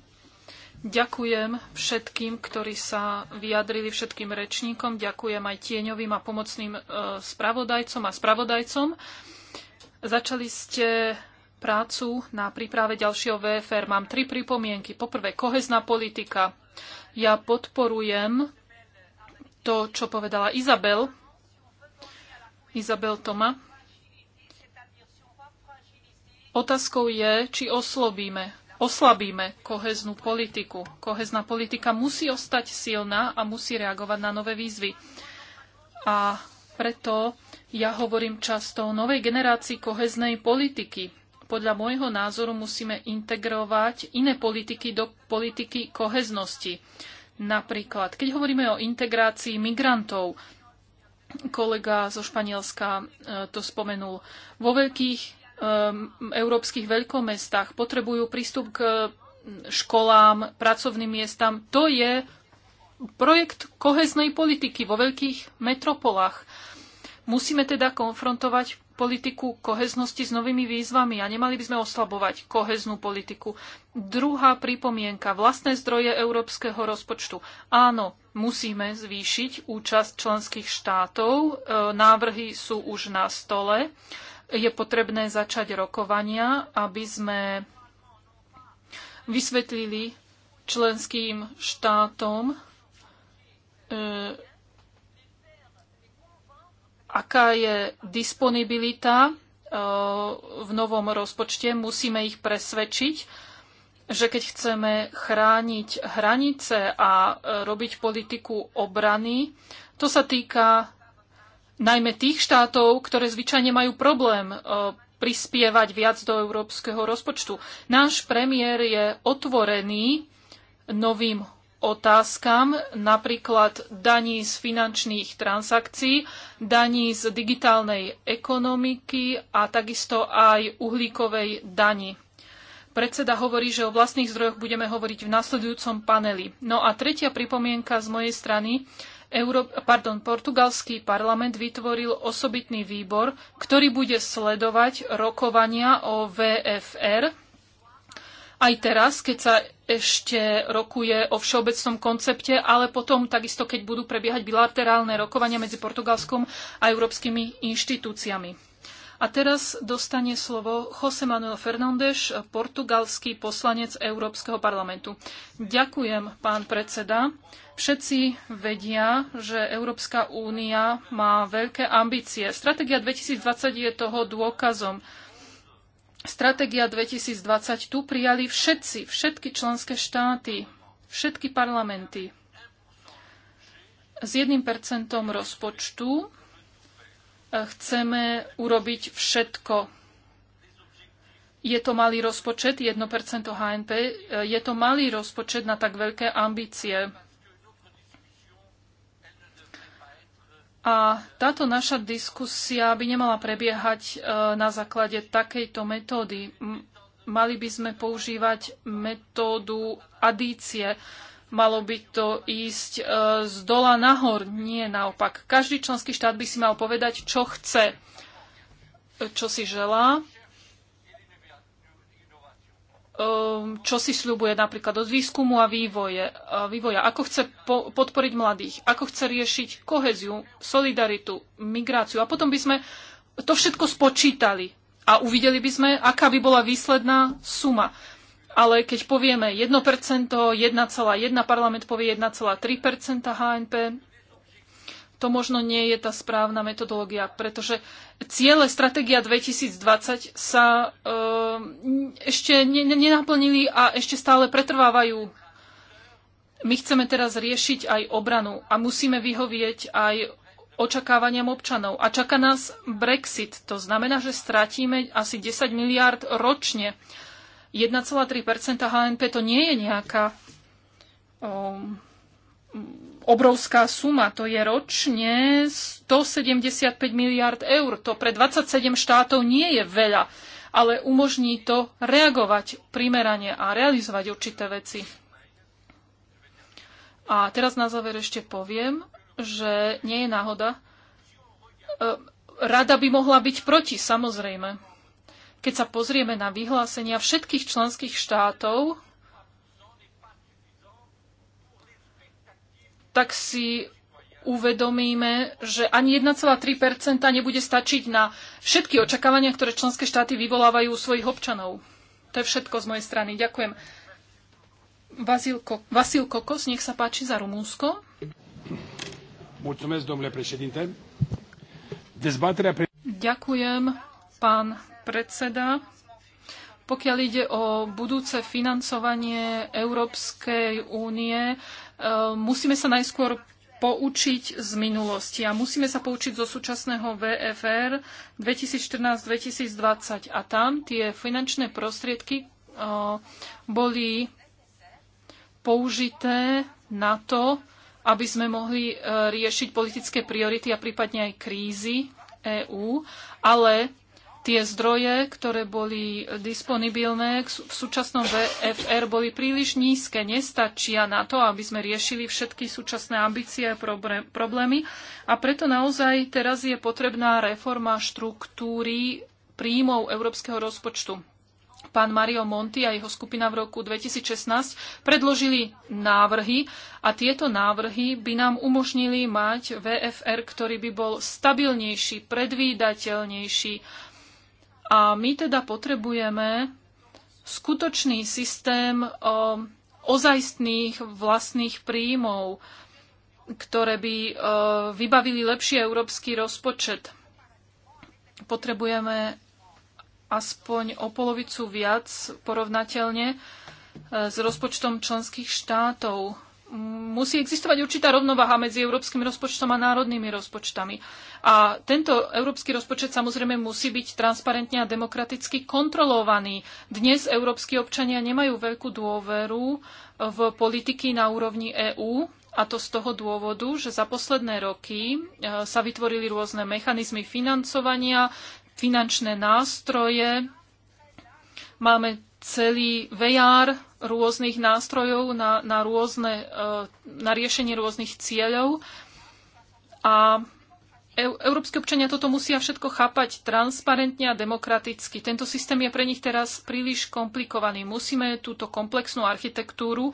Ďakujem všetkým, ktorí sa vyjadrili, všetkým rečníkom. Ďakujem aj tieňovým a pomocným e, spravodajcom a spravodajcom. Začali ste prácu na príprave ďalšieho VFR. Mám tri pripomienky. Poprvé, kohezná politika. Ja podporujem to, čo povedala Izabel, Izabel Toma. Otázkou je, či oslobíme oslabíme koheznú politiku. Kohezná politika musí ostať silná a musí reagovať na nové výzvy. A preto ja hovorím často o novej generácii koheznej politiky. Podľa môjho názoru musíme integrovať iné politiky do politiky koheznosti. Napríklad, keď hovoríme o integrácii migrantov, kolega zo Španielska e, to spomenul, vo veľkých Um, európskych veľkomestách, potrebujú prístup k mm, školám, pracovným miestam. To je projekt koheznej politiky vo veľkých metropolách. Musíme teda konfrontovať politiku koheznosti s novými výzvami a nemali by sme oslabovať koheznú politiku. Druhá pripomienka. Vlastné zdroje európskeho rozpočtu. Áno, musíme zvýšiť účasť členských štátov. E, návrhy sú už na stole je potrebné začať rokovania, aby sme vysvetlili členským štátom, e, aká je disponibilita e, v novom rozpočte. Musíme ich presvedčiť, že keď chceme chrániť hranice a robiť politiku obrany, to sa týka najmä tých štátov, ktoré zvyčajne majú problém e, prispievať viac do európskeho rozpočtu. Náš premiér je otvorený novým otázkam, napríklad daní z finančných transakcií, daní z digitálnej ekonomiky a takisto aj uhlíkovej dani. Predseda hovorí, že o vlastných zdrojoch budeme hovoriť v nasledujúcom paneli. No a tretia pripomienka z mojej strany Euró- pardon, portugalský parlament vytvoril osobitný výbor, ktorý bude sledovať rokovania o VFR. Aj teraz, keď sa ešte rokuje o všeobecnom koncepte, ale potom takisto, keď budú prebiehať bilaterálne rokovania medzi Portugalskom a európskymi inštitúciami. A teraz dostane slovo José Manuel Fernández, portugalský poslanec Európskeho parlamentu. Ďakujem, pán predseda. Všetci vedia, že Európska únia má veľké ambície. Stratégia 2020 je toho dôkazom. Stratégia 2020 tu prijali všetci, všetky členské štáty, všetky parlamenty s 1% rozpočtu chceme urobiť všetko. Je to malý rozpočet, 1% HNP, je to malý rozpočet na tak veľké ambície. A táto naša diskusia by nemala prebiehať e, na základe takejto metódy. Mali by sme používať metódu adície. Malo by to ísť e, z dola nahor, nie naopak. Každý členský štát by si mal povedať, čo chce, čo si želá, ehm, čo si sľubuje napríklad od výskumu a vývoje, vývoja, ako chce podporiť mladých, ako chce riešiť koheziu, solidaritu, migráciu. A potom by sme to všetko spočítali a uvideli by sme, aká by bola výsledná suma ale keď povieme 1%, 1,1 parlament povie 1,3% HNP, to možno nie je tá správna metodológia, pretože ciele Stratégia 2020 sa e, ešte nenaplnili a ešte stále pretrvávajú. My chceme teraz riešiť aj obranu a musíme vyhovieť aj očakávaniam občanov. A čaká nás Brexit. To znamená, že stratíme asi 10 miliárd ročne. 1,3 HNP to nie je nejaká um, obrovská suma. To je ročne 175 miliard eur. To pre 27 štátov nie je veľa, ale umožní to reagovať primerane a realizovať určité veci. A teraz na záver ešte poviem, že nie je náhoda. Ehm, rada by mohla byť proti, samozrejme. Keď sa pozrieme na vyhlásenia všetkých členských štátov, tak si uvedomíme, že ani 1,3 nebude stačiť na všetky očakávania, ktoré členské štáty vyvolávajú u svojich občanov. To je všetko z mojej strany. Ďakujem. Vasil Kokos, nech sa páči za Rumúnsko. Ďakujem, pán predseda. Pokiaľ ide o budúce financovanie Európskej únie, eh, musíme sa najskôr poučiť z minulosti a musíme sa poučiť zo súčasného VFR 2014-2020 a tam tie finančné prostriedky eh, boli použité na to, aby sme mohli eh, riešiť politické priority a prípadne aj krízy EÚ, ale tie zdroje, ktoré boli disponibilné v súčasnom VFR, boli príliš nízke, nestačia na to, aby sme riešili všetky súčasné ambície a problémy. A preto naozaj teraz je potrebná reforma štruktúry príjmov európskeho rozpočtu. Pán Mario Monti a jeho skupina v roku 2016 predložili návrhy a tieto návrhy by nám umožnili mať VFR, ktorý by bol stabilnejší, predvídateľnejší, a my teda potrebujeme skutočný systém ozajstných vlastných príjmov, ktoré by vybavili lepší európsky rozpočet. Potrebujeme aspoň o polovicu viac porovnateľne e, s rozpočtom členských štátov musí existovať určitá rovnováha medzi európskym rozpočtom a národnými rozpočtami. A tento európsky rozpočet samozrejme musí byť transparentne a demokraticky kontrolovaný. Dnes európsky občania nemajú veľkú dôveru e, v politiky na úrovni EÚ. A to z toho dôvodu, že za posledné roky e, sa vytvorili rôzne mechanizmy financovania, finančné nástroje. Máme celý VR e rôznych nástrojov na, na, rôzne, eh, na riešenie rôznych cieľov. A Európske občania toto musia všetko chápať transparentne a demokraticky. Tento systém je pre nich teraz príliš komplikovaný. Musíme túto komplexnú architektúru,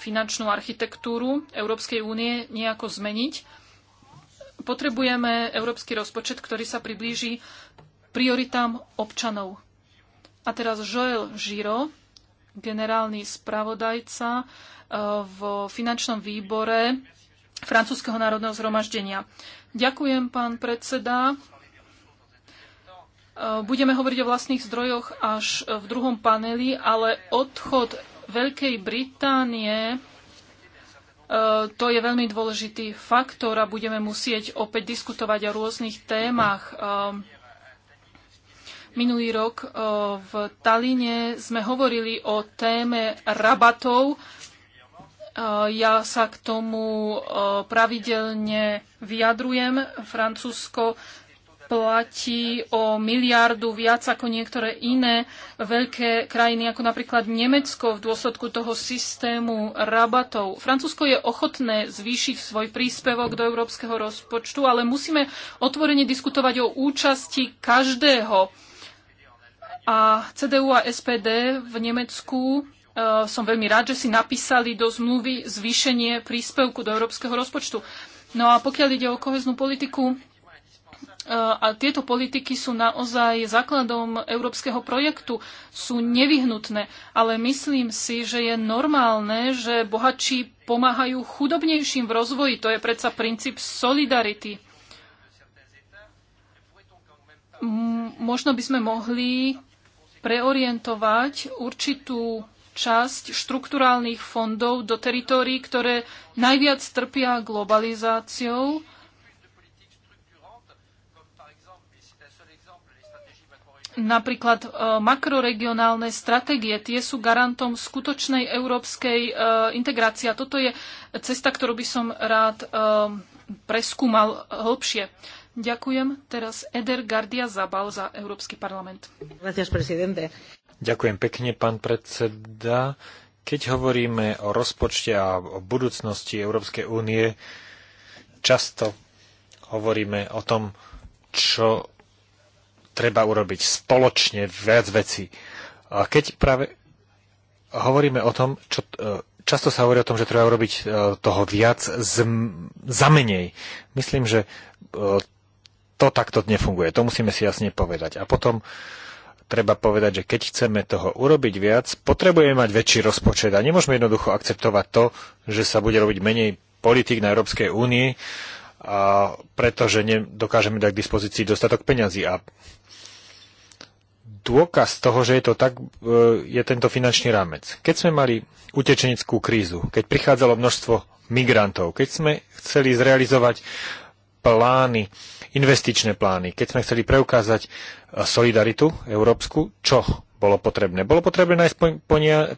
finančnú architektúru Európskej únie nejako zmeniť. Potrebujeme európsky rozpočet, ktorý sa priblíži prioritám občanov. A teraz Joel Žiro generálny spravodajca eh, v finančnom výbore Francúzského národného zhromaždenia. Ďakujem, pán predseda. Eh, budeme hovoriť o vlastných zdrojoch až eh, v druhom paneli, ale odchod Veľkej Británie to je veľmi dôležitý faktor a budeme musieť opäť diskutovať o rôznych témach Minulý rok e, v Taline sme hovorili o téme rabatov. E, ja sa k tomu e, pravidelne vyjadrujem. Francúzsko platí o miliardu viac ako niektoré iné veľké krajiny, ako napríklad Nemecko v dôsledku toho systému rabatov. Francúzsko je ochotné zvýšiť svoj príspevok do európskeho rozpočtu, ale musíme otvorene diskutovať o účasti každého a CDU a SPD v Nemecku e, som veľmi rád, že si napísali do zmluvy zvýšenie príspevku do európskeho rozpočtu. No a pokiaľ ide o koheznú politiku, e, a tieto politiky sú naozaj základom európskeho projektu, sú nevyhnutné, ale myslím si, že je normálne, že bohatší pomáhajú chudobnejším v rozvoji. To je predsa princíp solidarity. Možno by sme mohli preorientovať určitú časť štrukturálnych fondov do teritórií, ktoré najviac trpia globalizáciou. Napríklad e, makroregionálne stratégie, tie sú garantom skutočnej európskej e, integrácie. A toto je cesta, ktorú by som rád e, preskúmal hlbšie. Ďakujem. Teraz Eder Gardia Zabal za Európsky parlament. Gracias, presidente. Ďakujem pekne, pán predseda. Keď hovoríme o rozpočte a o budúcnosti Európskej únie, často hovoríme o tom, čo treba urobiť spoločne viac vecí. A keď práve hovoríme o tom, čo, e, často sa hovorí o tom, že treba urobiť e, toho viac z, za menej. Myslím, že e, to takto nefunguje. To musíme si jasne povedať. A potom treba povedať, že keď chceme toho urobiť viac, potrebujeme mať väčší rozpočet a nemôžeme jednoducho akceptovať to, že sa bude robiť menej politik na Európskej únii, pretože nedokážeme dať k dispozícii dostatok peňazí. A dôkaz toho, že je to tak, e, je tento finančný rámec. Keď sme mali utečeneckú krízu, keď prichádzalo množstvo migrantov, keď sme chceli zrealizovať plány, investičné plány. Keď sme chceli preukázať e, solidaritu európsku, čo bolo potrebné? Bolo potrebné nájsť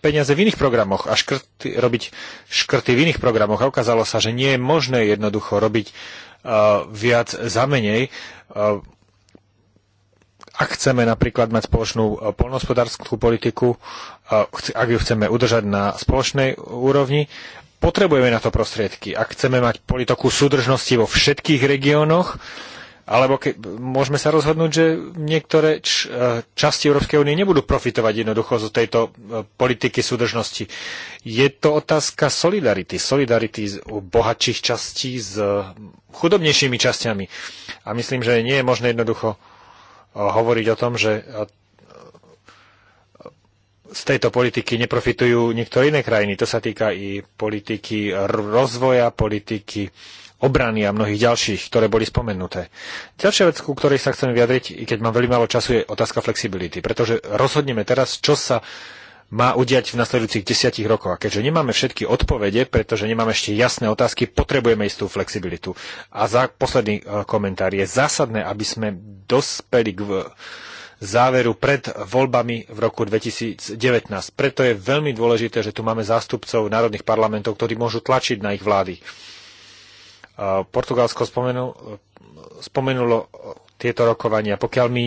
peniaze v iných programoch a škrty, robiť škrty v iných programoch. A ukázalo sa, že nie je možné jednoducho robiť uh, viac za menej. Uh, ak chceme napríklad mať spoločnú polnohospodárskú politiku, ak ju chceme udržať na spoločnej úrovni, Potrebujeme na to prostriedky. Ak chceme mať politiku súdržnosti vo všetkých regiónoch, alebo ke, môžeme sa rozhodnúť, že niektoré č, e, časti Európskej únie nebudú profitovať jednoducho z tejto e, politiky súdržnosti. Je to otázka solidarity. Solidarity z bohatších častí s chudobnejšími časťami. A myslím, že nie je možné jednoducho e, hovoriť o tom, že z tejto politiky neprofitujú niektoré iné krajiny. To sa týka i politiky rozvoja, politiky obrany a mnohých ďalších, ktoré boli spomenuté. Ďalšia vec, ku ktorej sa chcem vyjadriť, i keď mám veľmi málo času, je otázka flexibility, pretože rozhodneme teraz, čo sa má udiať v nasledujúcich desiatich rokoch. A keďže nemáme všetky odpovede, pretože nemáme ešte jasné otázky, potrebujeme istú flexibilitu. A za posledný e, komentár je zásadné, aby sme dospeli k záveru pred voľbami v roku 2019. Preto je veľmi dôležité, že tu máme zástupcov národných parlamentov, ktorí môžu tlačiť na ich vlády. Portugalsko spomenulo, spomenulo tieto rokovania. Pokiaľ my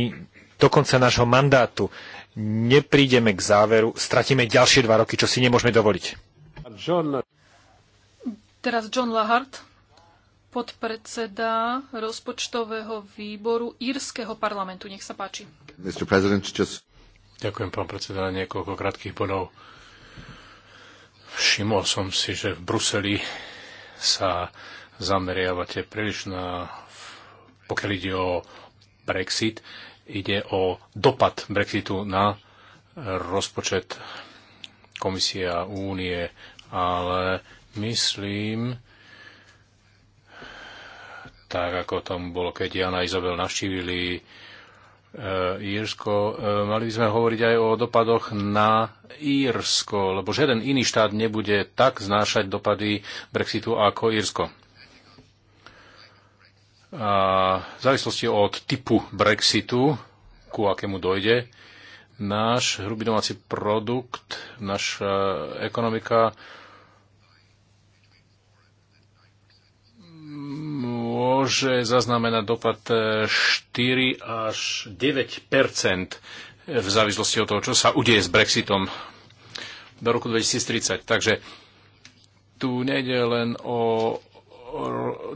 do konca nášho mandátu neprídeme k záveru, stratíme ďalšie dva roky, čo si nemôžeme dovoliť. John... Teraz John Lahart podpredseda rozpočtového výboru Írskeho parlamentu. Nech sa páči. Just... Ďakujem, pán predseda, niekoľko krátkých bodov. Všimol som si, že v Bruseli sa zameriavate príliš na, pokiaľ ide o Brexit, ide o dopad Brexitu na rozpočet Komisie a únie, ale myslím, tak ako tom bolo, keď Jana a Izabel navštívili e, Írsko. E, mali by sme hovoriť aj o dopadoch na Írsko, lebo žiaden iný štát nebude tak znášať dopady Brexitu ako Írsko. A v závislosti od typu Brexitu, ku akému dojde, náš hrubý domáci produkt, naša ekonomika môže zaznamenať dopad 4 e, až 9 v závislosti od toho, čo sa udeje s Brexitom do roku 2030. Takže tu nejde len o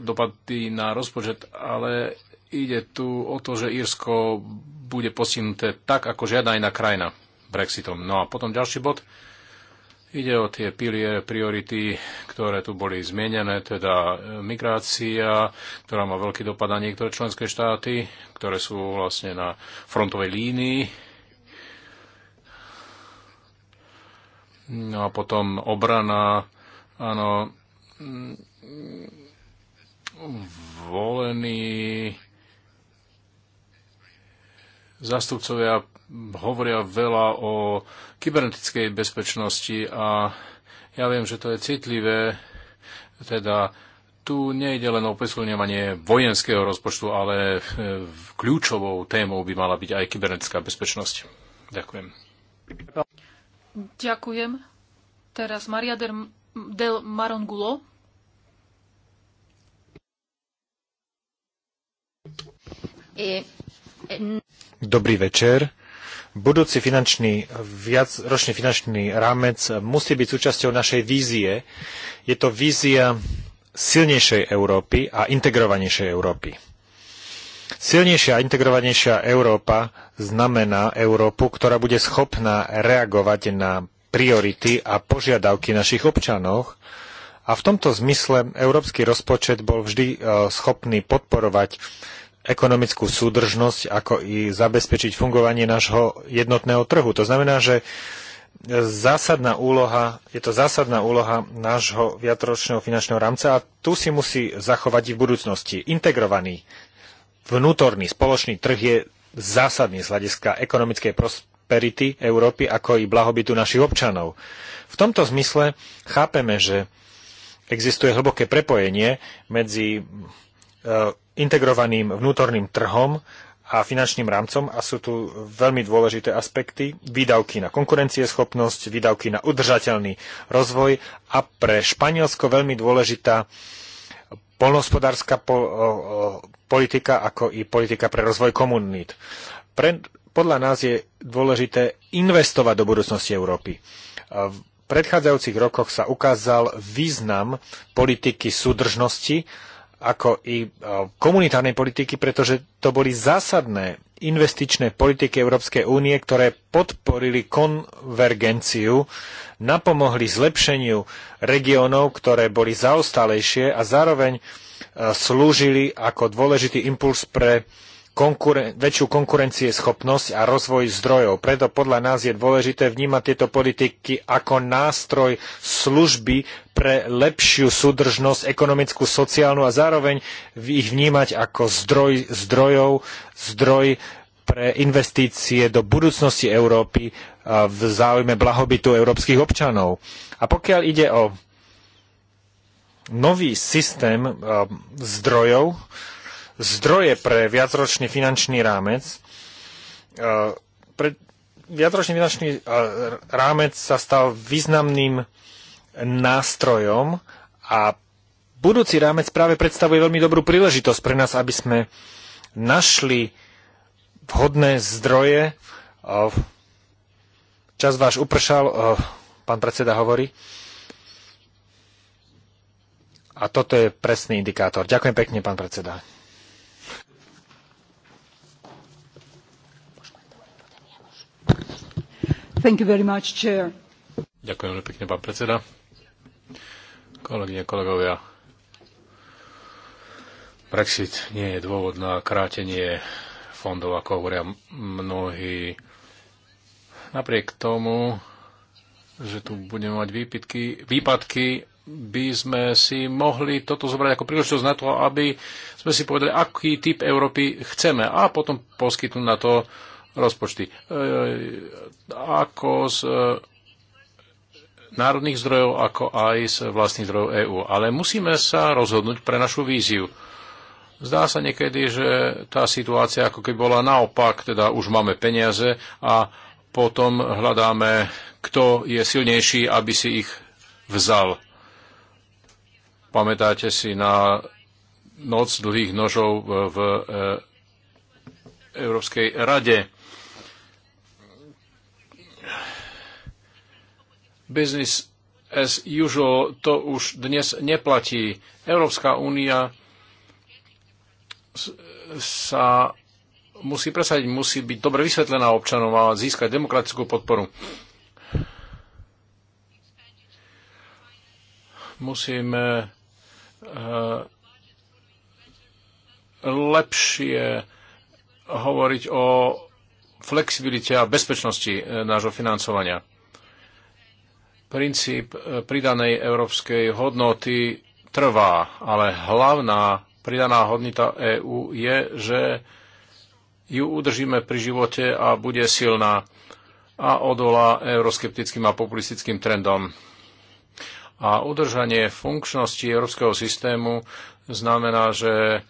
dopady na rozpočet, ale ide tu o to, že Írsko bude postihnuté tak, ako žiadna iná krajina Brexitom. No a potom ďalší bod Ide o tie piliere, priority, ktoré tu boli zmienené, teda e, migrácia, ktorá má veľký dopad na niektoré členské štáty, ktoré sú vlastne na frontovej línii. No a potom obrana, áno, volení zastupcovia hovoria veľa o kybernetickej bezpečnosti a ja viem, že to je citlivé, teda tu nejde len o posilňovanie vojenského rozpočtu, ale e, kľúčovou témou by mala byť aj kybernetická bezpečnosť. Ďakujem. Ďakujem. Teraz Maria del Marongulo. Dobrý večer budúci finančný, viacročný finančný rámec musí byť súčasťou našej vízie. Je to vízia silnejšej Európy a integrovanejšej Európy. Silnejšia a integrovanejšia Európa znamená Európu, ktorá bude schopná reagovať na priority a požiadavky našich občanov, a v tomto zmysle európsky rozpočet bol vždy eh, schopný podporovať ekonomickú súdržnosť, ako i zabezpečiť fungovanie nášho jednotného trhu. To znamená, že zásadná úloha, je to zásadná úloha nášho viatročného finančného rámca a tu si musí zachovať i v budúcnosti. Integrovaný vnútorný spoločný trh je zásadný z hľadiska ekonomickej prosperity Európy, ako i blahobytu našich občanov. V tomto zmysle chápeme, že existuje hlboké prepojenie medzi Eh, integrovaným vnútorným trhom a finančným rámcom a sú tu veľmi dôležité aspekty, výdavky na konkurencieschopnosť, výdavky na udržateľný rozvoj a pre Španielsko veľmi dôležitá polnohospodárska politika, ako i politika pre rozvoj komunít. Pre, podľa nás je dôležité investovať do budúcnosti Európy. Eh, v predchádzajúcich rokoch sa ukázal význam politiky súdržnosti, ako i e, komunitárnej politiky, pretože to boli zásadné investičné politiky Európskej únie, ktoré podporili konvergenciu, napomohli zlepšeniu regiónov, ktoré boli zaostalejšie a zároveň e, slúžili ako dôležitý impuls pre väčšiu konkurencieschopnosť a rozvoj zdrojov. Preto podľa nás je dôležité vnímať tieto politiky ako nástroj služby pre lepšiu súdržnosť ekonomickú, sociálnu a zároveň ich vnímať ako zdroj zdrojov, zdroj pre investície do budúcnosti Európy v záujme blahobytu európskych občanov. A pokiaľ ide o nový systém zdrojov, zdroje pre viacročný finančný rámec. E, pre viacročný finančný e, rámec sa stal významným nástrojom a budúci rámec práve predstavuje veľmi dobrú príležitosť pre nás, aby sme našli vhodné zdroje. E, čas váš upršal, pán predseda hovorí. A toto je presný indikátor. Ďakujem pekne, pán predseda. Ďakujem veľmi pekne, pán predseda. Kolegyne, kolegovia, Brexit nie je dôvod na krátenie fondov, ako hovoria mnohí. Napriek tomu, že tu budeme mať výpitky, výpadky, by sme si mohli toto zobrať ako príležitosť na to, aby sme si povedali, aký typ Európy chceme a potom poskytnúť na to rozpočty. E, ako z e, národných zdrojov, ako aj z vlastných zdrojov EÚ. Ale musíme sa rozhodnúť pre našu víziu. Zdá sa niekedy, že tá situácia ako keby bola naopak, teda už máme peniaze a potom hľadáme, kto je silnejší, aby si ich vzal. Pamätáte si na noc dlhých nožov v e, Európskej rade. Business as usual to už dnes neplatí. Európska únia sa musí presadiť, musí byť dobre vysvetlená občanom a získať demokratickú podporu. Musíme eh, lepšie hovoriť o flexibilite a bezpečnosti eh, nášho financovania. Princíp e, pridanej európskej hodnoty trvá, ale hlavná pridaná hodnota EÚ je, že ju udržíme pri živote a bude silná a odolá euroskeptickým a populistickým trendom. A udržanie funkčnosti európskeho systému znamená, že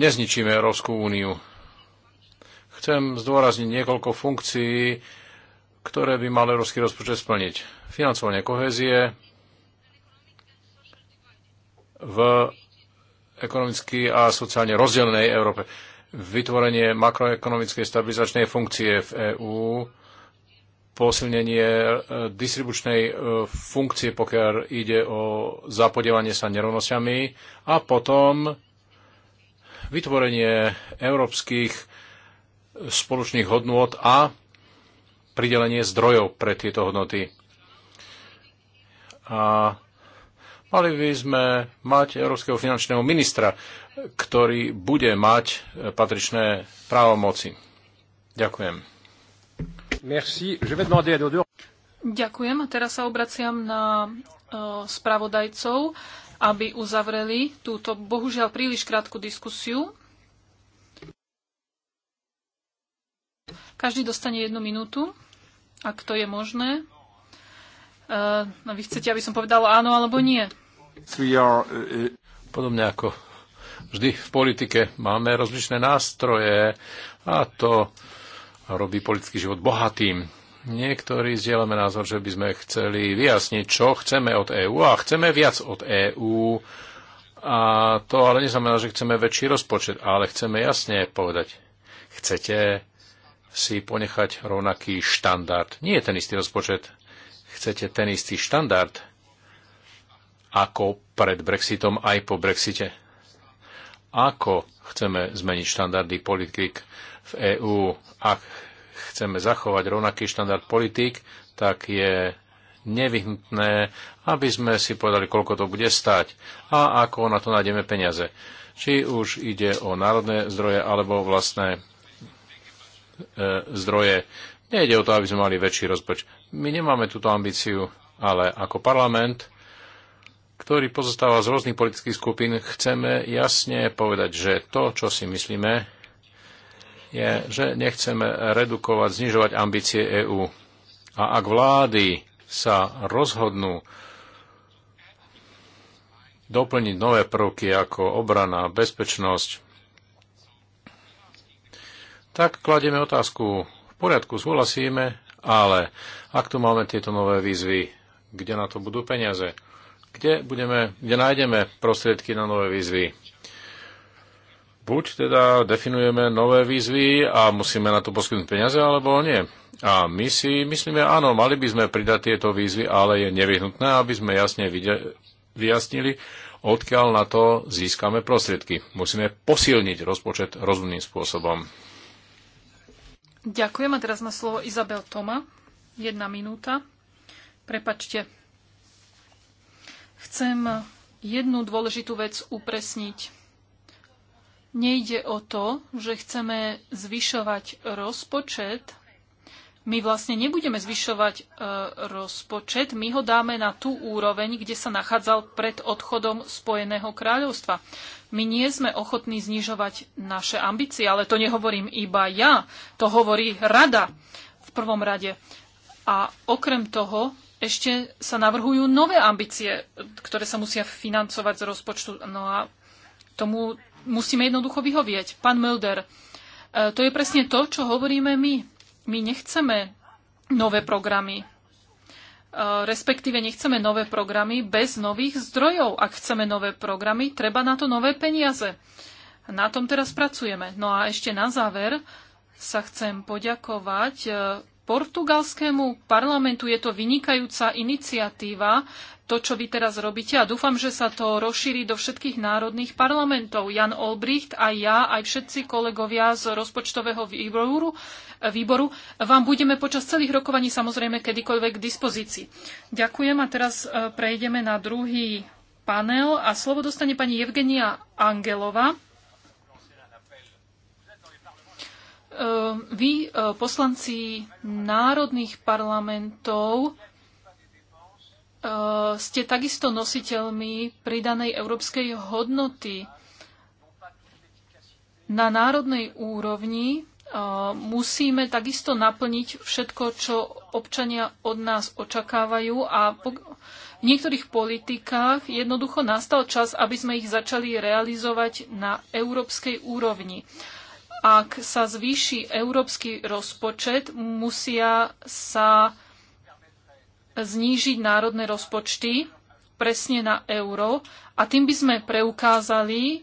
nezničíme Európsku úniu. Chcem zdôrazniť niekoľko funkcií ktoré by mal európsky rozpočet splniť. Financovanie kohézie v ekonomicky a sociálne rozdelenej Európe. Vytvorenie makroekonomickej stabilizačnej funkcie v EÚ, posilnenie e, distribučnej e, funkcie, pokiaľ ide o zapodievanie sa nerovnosťami a potom vytvorenie európskych spoločných hodnôt a pridelenie zdrojov pre tieto hodnoty. A mali by sme mať európskeho finančného ministra, ktorý bude mať patričné právomoci. Ďakujem. Merci. Je vais demander à nos deux... Ďakujem. A teraz sa obraciam na uh, spravodajcov, aby uzavreli túto bohužiaľ príliš krátku diskusiu. Každý dostane jednu minútu, ak to je možné. Uh, no vy chcete, aby som povedala áno alebo nie? E, e- Podobne ako vždy v politike máme rozličné nástroje a to robí politický život bohatým. Niektorí zdieľame názor, že by sme chceli vyjasniť, čo chceme od EÚ a chceme viac od EÚ. A to ale neznamená, že chceme väčší rozpočet, ale chceme jasne povedať. Chcete si ponechať rovnaký štandard. Nie je ten istý rozpočet. Chcete ten istý štandard ako pred Brexitom aj po Brexite. Ako chceme zmeniť štandardy politik v EÚ? Ak chceme zachovať rovnaký štandard politik, tak je nevyhnutné, aby sme si povedali, koľko to bude stať a ako na to nájdeme peniaze. Či už ide o národné zdroje alebo vlastné E, zdroje. Nejde o to, aby sme mali väčší rozpoč. My nemáme túto ambíciu, ale ako parlament, ktorý pozostáva z rôznych politických skupín, chceme jasne povedať, že to, čo si myslíme, je, že nechceme redukovať, znižovať ambície EÚ. A ak vlády sa rozhodnú doplniť nové prvky ako obrana, bezpečnosť, tak kladieme otázku. V poriadku, súhlasíme, ale ak tu máme tieto nové výzvy, kde na to budú peniaze? Kde, budeme, kde nájdeme prostriedky na nové výzvy? Buď teda definujeme nové výzvy a musíme na to poskytnúť peniaze, alebo nie. A my si myslíme, áno, mali by sme pridať tieto výzvy, ale je nevyhnutné, aby sme jasne vyjasnili, odkiaľ na to získame prostriedky. Musíme posilniť rozpočet rozumným spôsobom. Ďakujem a teraz má slovo Izabel Toma. Jedna minúta. Prepačte. Chcem jednu dôležitú vec upresniť. Nejde o to, že chceme zvyšovať rozpočet my vlastne nebudeme zvyšovať e, rozpočet, my ho dáme na tú úroveň, kde sa nachádzal pred odchodom Spojeného kráľovstva. My nie sme ochotní znižovať naše ambície, ale to nehovorím iba ja, to hovorí rada v prvom rade. A okrem toho ešte sa navrhujú nové ambície, ktoré sa musia financovať z rozpočtu. No a tomu musíme jednoducho vyhovieť. Pán Mulder, e, to je presne to, čo hovoríme my. My nechceme nové programy. Eh, respektíve nechceme nové programy bez nových zdrojov. Ak chceme nové programy, treba na to nové peniaze. Na tom teraz pracujeme. No a ešte na záver sa chcem poďakovať eh, portugalskému parlamentu je to vynikajúca iniciatíva, to, čo vy teraz robíte a dúfam, že sa to rozšíri do všetkých národných parlamentov. Jan Olbricht a ja, aj všetci kolegovia z rozpočtového výboru, výboru vám budeme počas celých rokovaní samozrejme kedykoľvek k dispozícii. Ďakujem a teraz e, prejdeme na druhý panel a slovo dostane pani Evgenia Angelova Eh, vy, eh, poslanci národných parlamentov, eh, ste takisto nositeľmi pridanej európskej hodnoty. Na národnej úrovni musíme takisto naplniť všetko, čo občania od nás očakávajú a v niektorých politikách jednoducho nastal čas, aby sme ich začali realizovať na európskej úrovni ak sa zvýši európsky rozpočet, musia sa znížiť národné rozpočty presne na euro a tým by sme preukázali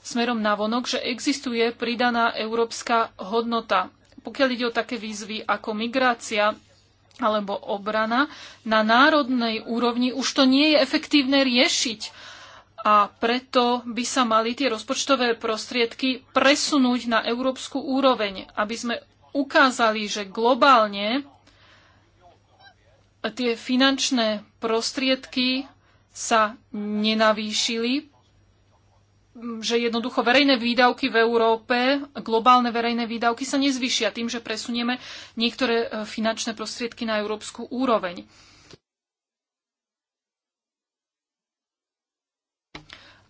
smerom na vonok, že existuje pridaná európska hodnota. Pokiaľ ide o také výzvy ako migrácia alebo obrana, na národnej úrovni už to nie je efektívne riešiť a preto by sa mali tie rozpočtové prostriedky presunúť na európsku úroveň, aby sme ukázali, že globálne tie finančné prostriedky sa nenavýšili, že jednoducho verejné výdavky v Európe, globálne verejné výdavky sa nezvyšia tým, že presunieme niektoré e, finančné prostriedky na európsku úroveň.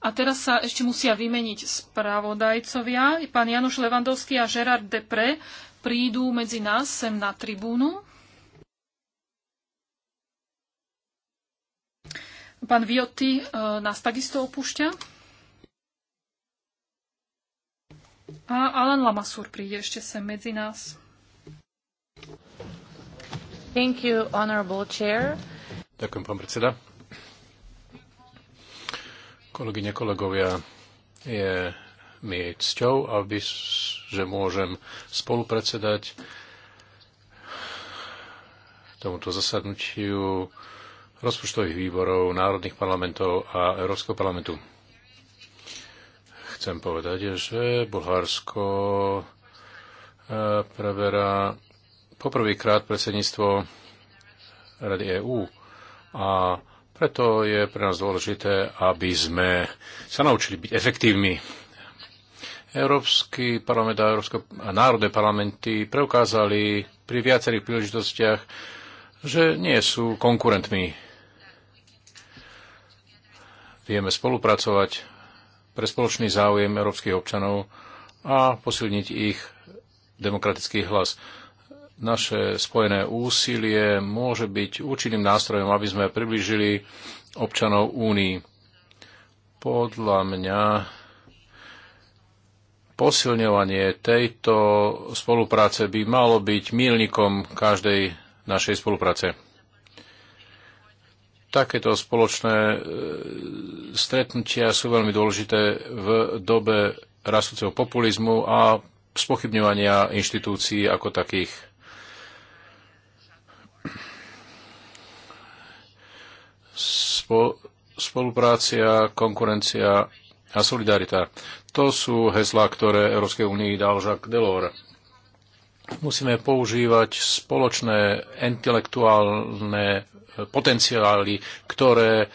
A teraz sa ešte musia vymeniť spravodajcovia. Pán Janoš Levandovský a Gerard Depre prídu medzi nás sem na tribúnu. Pán Vioty e, nás takisto opúšťa. A Alan Lamassur príde ešte sem medzi nás. Thank you, honorable chair. Ďakujem, pán predseda. Kolegyne, kolegovia, je mi cťou, aby, že môžem spolupredsedať tomuto zasadnutiu rozpočtových výborov národných parlamentov a Európskeho parlamentu. Chcem povedať, že Bulharsko eh, preberá poprvýkrát predsedníctvo Rady EÚ a preto je pre nás dôležité, aby sme sa naučili byť efektívni. Európsky parlament a, Európsko, a národné parlamenty preukázali pri viacerých príležitostiach, že nie sú konkurentmi. Vieme spolupracovať pre spoločný záujem európskych občanov a posilniť ich demokratický hlas naše spojené úsilie môže byť účinným nástrojom, aby sme približili občanov Únii. Podľa mňa posilňovanie tejto spolupráce by malo byť mílnikom každej našej spolupráce. Takéto spoločné e, stretnutia sú veľmi dôležité v dobe rastúceho populizmu a spochybňovania inštitúcií ako takých. spoluprácia, konkurencia a solidarita. To sú heslá, ktoré Európskej únii dal Jacques Delors. Musíme používať spoločné intelektuálne potenciály, ktoré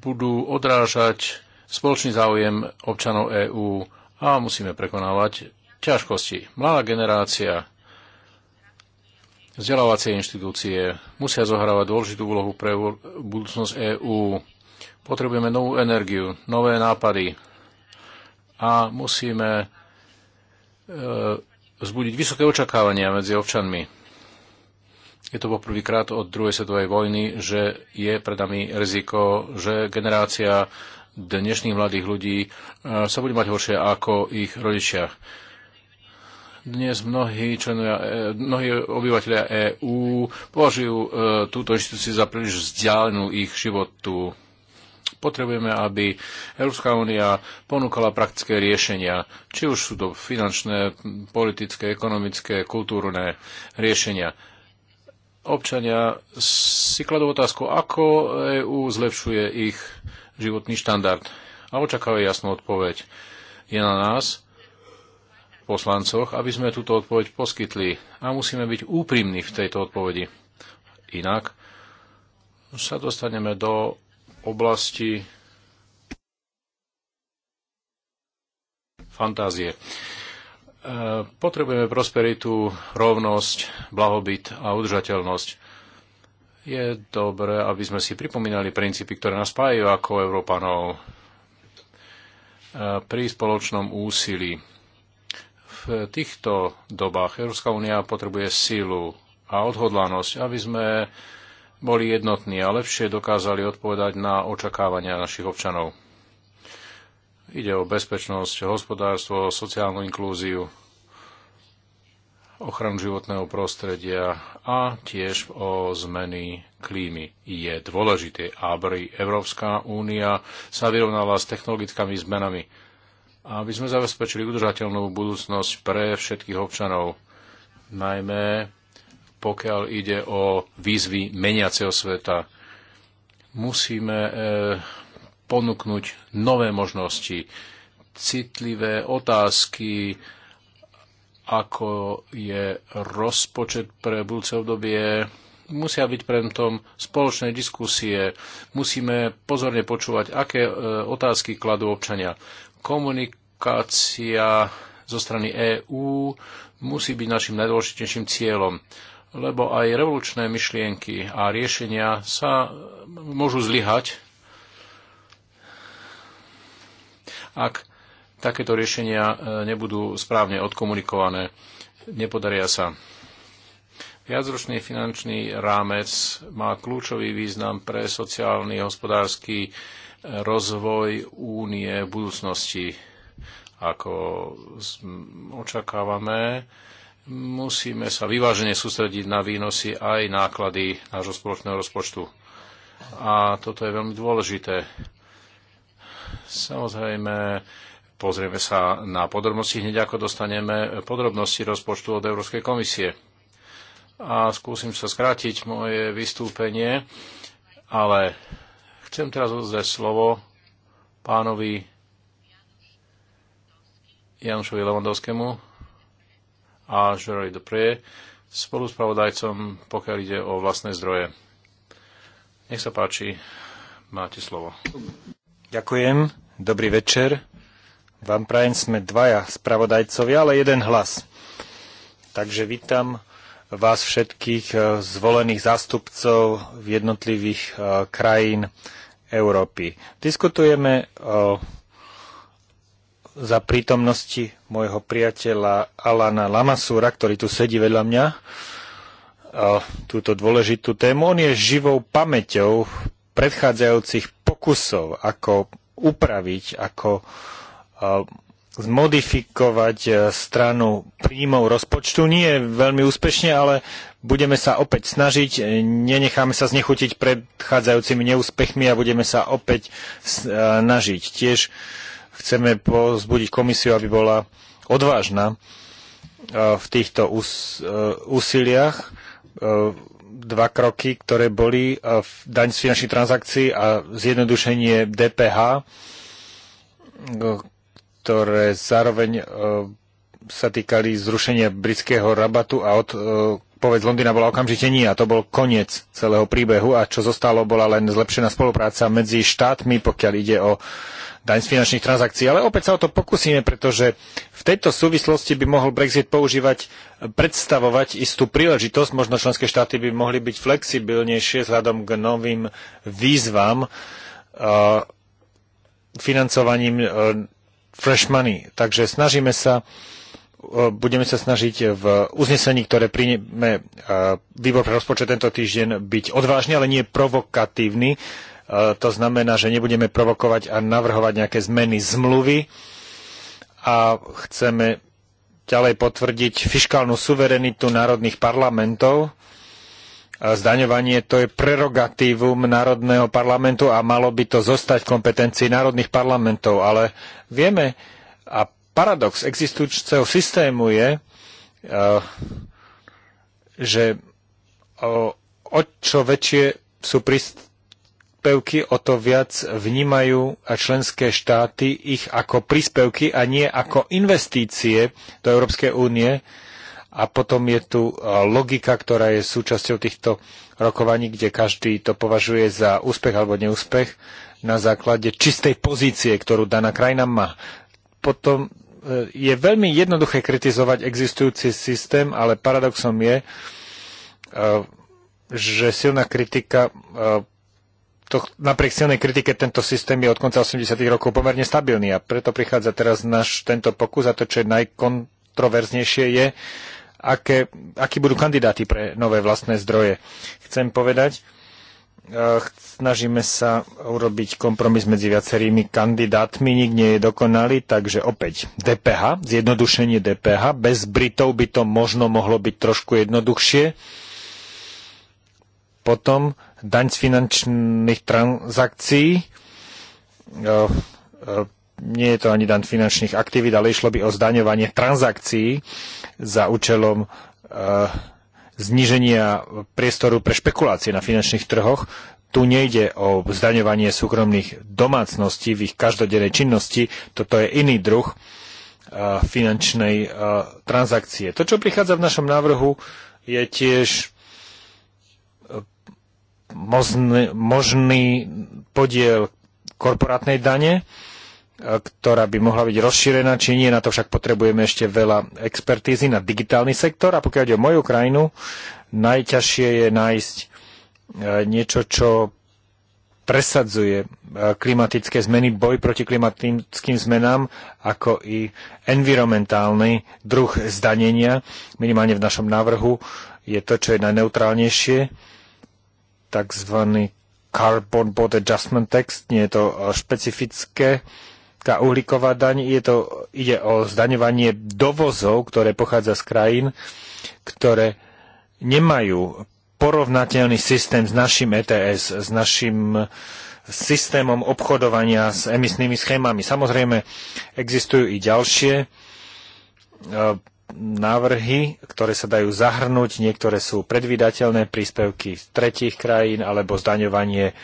budú odrážať spoločný záujem občanov EÚ a musíme prekonávať ťažkosti. Mladá generácia Vzdelávacie inštitúcie musia zohrávať dôležitú úlohu pre budúcnosť EÚ. Potrebujeme novú energiu, nové nápady a musíme e, vzbudiť vysoké očakávania medzi občanmi. Je to poprvýkrát od druhej svetovej vojny, že je pred nami riziko, že generácia dnešných mladých ľudí e, sa bude mať horšie ako ich rodičia dnes mnohí, členovia, e, mnohí obyvateľia EÚ považujú e, túto inštitúciu za príliš vzdialenú ich životu. Potrebujeme, aby Európska únia ponúkala praktické riešenia, či už sú to finančné, politické, ekonomické, kultúrne riešenia. Občania si kladú otázku, ako EÚ zlepšuje ich životný štandard a očakávajú jasnú odpoveď. Je na nás, poslancoch, aby sme túto odpoveď poskytli. A musíme byť úprimní v tejto odpovedi. Inak sa dostaneme do oblasti fantázie. E, potrebujeme prosperitu, rovnosť, blahobyt a udržateľnosť. Je dobré, aby sme si pripomínali princípy, ktoré nás spájajú ako Európanov e, pri spoločnom úsilí v týchto dobách Európska únia potrebuje sílu a odhodlanosť, aby sme boli jednotní a lepšie dokázali odpovedať na očakávania našich občanov. Ide o bezpečnosť, hospodárstvo, sociálnu inklúziu, ochranu životného prostredia a tiež o zmeny klímy. Je dôležité, aby Európska únia sa vyrovnala s technologickými zmenami aby sme zabezpečili udržateľnú budúcnosť pre všetkých občanov, najmä pokiaľ ide o výzvy meniaceho sveta. Musíme e, ponúknuť nové možnosti, citlivé otázky, ako je rozpočet pre budúce obdobie, musia byť pre tom spoločné diskusie, musíme pozorne počúvať, aké e, otázky kladú občania komunikácia zo strany EÚ musí byť našim najdôležitejším cieľom, lebo aj revolučné myšlienky a riešenia sa môžu zlyhať, ak takéto riešenia e, nebudú správne odkomunikované, nepodaria sa. Viacročný finančný rámec má kľúčový význam pre sociálny, hospodársky rozvoj únie v budúcnosti. Ako očakávame, musíme sa vyvážene sústrediť na výnosy aj náklady nášho spoločného rozpočtu. A toto je veľmi dôležité. Samozrejme, pozrieme sa na podrobnosti hneď ako dostaneme podrobnosti rozpočtu od Európskej komisie. A skúsim sa skrátiť moje vystúpenie, ale Chcem teraz odzvať slovo pánovi Janušovi Levandovskému a Žerovi Dupré, spolu s pravodajcom, pokiaľ ide o vlastné zdroje. Nech sa páči, máte slovo. Ďakujem, dobrý večer. Vám prajem sme dvaja spravodajcovia, ale jeden hlas. Takže vítam vás všetkých e, zvolených zástupcov jednotlivých e, krajín Európy. Diskutujeme o, e, za prítomnosti môjho priateľa Alana Lamasúra, ktorý tu sedí vedľa mňa, o, túto dôležitú tému. On je živou pamäťou predchádzajúcich pokusov, ako upraviť, ako zmodifikovať e, stranu príjmov rozpočtu. Nie veľmi úspešne, ale budeme sa opäť snažiť, e, nenecháme sa znechutiť predchádzajúcimi neúspechmi a budeme sa opäť snažiť. E, Tiež chceme pozbudiť komisiu, aby bola odvážna v týchto úsiliach. Dva kroky, ktoré boli v daň z finančných transakcií a zjednodušenie DPH, ktoré zároveň e, sa týkali zrušenia britského rabatu a od, odpoveď e, Londýna bola okamžite nie a to bol koniec celého príbehu a čo zostalo bola len zlepšená spolupráca medzi štátmi, pokiaľ ide o daň z finančných transakcií. Ale opäť sa o to pokúsime, pretože v tejto súvislosti by mohol Brexit používať, predstavovať istú príležitosť. Možno členské štáty by mohli byť flexibilnejšie vzhľadom k novým výzvam e, financovaním fresh money. Takže snažíme sa, e, budeme sa snažiť v uznesení, ktoré príjme e, výbor pre rozpočet tento týždeň, byť odvážny, ale nie provokatívny. E, to znamená, že nebudeme provokovať a navrhovať nejaké zmeny zmluvy a chceme ďalej potvrdiť fiškálnu suverenitu národných parlamentov zdaňovanie to je prerogatívum Národného parlamentu a malo by to zostať v kompetencii národných parlamentov, ale vieme a paradox existujúceho systému je, eh, že o čo väčšie sú príspevky, o to viac vnímajú členské štáty ich ako príspevky a nie ako investície do Európskej únie, a potom je tu e, logika, ktorá je súčasťou týchto rokovaní, kde každý to považuje za úspech alebo neúspech na základe čistej pozície, ktorú daná krajina má. Potom e, je veľmi jednoduché kritizovať existujúci systém, ale paradoxom je, e, že silná kritika to, napriek silnej kritike tento systém je od konca 80. rokov pomerne stabilný a preto prichádza teraz náš tento pokus a to, čo je najkontroverznejšie je, aké, akí budú kandidáti pre nové vlastné zdroje. Chcem povedať, e, snažíme sa urobiť kompromis medzi viacerými kandidátmi, nik nie je dokonalý, takže opäť DPH, zjednodušenie DPH, bez Britov by to možno mohlo byť trošku jednoduchšie. Potom daň z finančných transakcií, e, e, nie je to ani dan finančných aktivít, ale išlo by o zdaňovanie transakcií za účelom e, zniženia priestoru pre špekulácie na finančných trhoch. Tu nejde o zdaňovanie súkromných domácností v ich každodennej činnosti. Toto je iný druh e, finančnej e, transakcie. To, čo prichádza v našom návrhu, je tiež e, možný, možný podiel korporátnej dane, ktorá by mohla byť rozšírená, či nie. Na to však potrebujeme ešte veľa expertízy na digitálny sektor. A pokiaľ ide o moju krajinu, najťažšie je nájsť e, niečo, čo presadzuje e, klimatické zmeny, boj proti klimatickým zmenám, ako i environmentálny druh zdanenia. Minimálne v našom návrhu je to, čo je najneutrálnejšie, takzvaný Carbon Border Adjustment Text. Nie je to e, špecifické tá uhlíková daň, je to, ide o zdaňovanie dovozov, ktoré pochádza z krajín, ktoré nemajú porovnateľný systém s našim ETS, s našim systémom obchodovania s emisnými schémami. Samozrejme, existujú i ďalšie e, návrhy, ktoré sa dajú zahrnúť. Niektoré sú predvídateľné príspevky z tretích krajín alebo zdaňovanie e,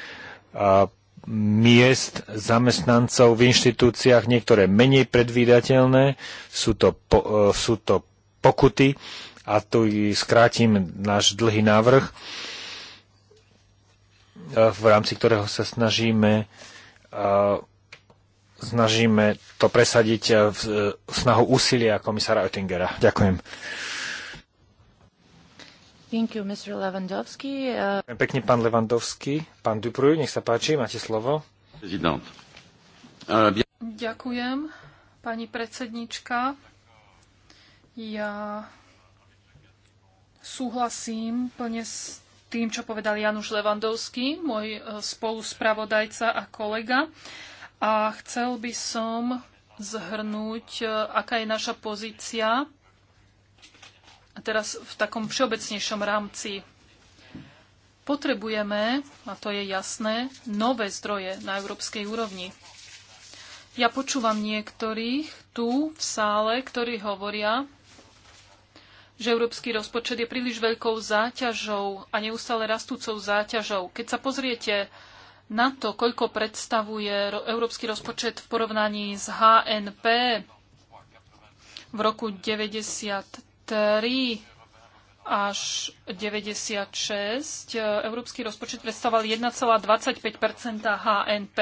miest zamestnancov v inštitúciách, niektoré menej predvídateľné, sú to, po, e, sú to pokuty a tu skrátim náš dlhý návrh, e, v rámci ktorého sa snažíme e, snažíme to presadiť v snahu úsilia komisára Oettingera. Ďakujem. Thank you, Mr. Lewandowski. Uh... Pekne, pán Lewandowski. Pán Dupruj, nech sa páči, máte slovo. Ďakujem, pani predsednička. Ja súhlasím plne s tým, čo povedal Januš Levandovský, môj e, spoluspravodajca a kolega. A chcel by som zhrnúť, e, aká je naša pozícia teraz v takom všeobecnejšom rámci potrebujeme, a to je jasné, nové zdroje na európskej úrovni. Ja počúvam niektorých tu v sále, ktorí hovoria, že európsky rozpočet je príliš veľkou záťažou a neustále rastúcou záťažou. Keď sa pozriete na to, koľko predstavuje európsky rozpočet v porovnaní s HNP v roku 93, 3 až 96 európsky rozpočet predstavoval 1,25 HNP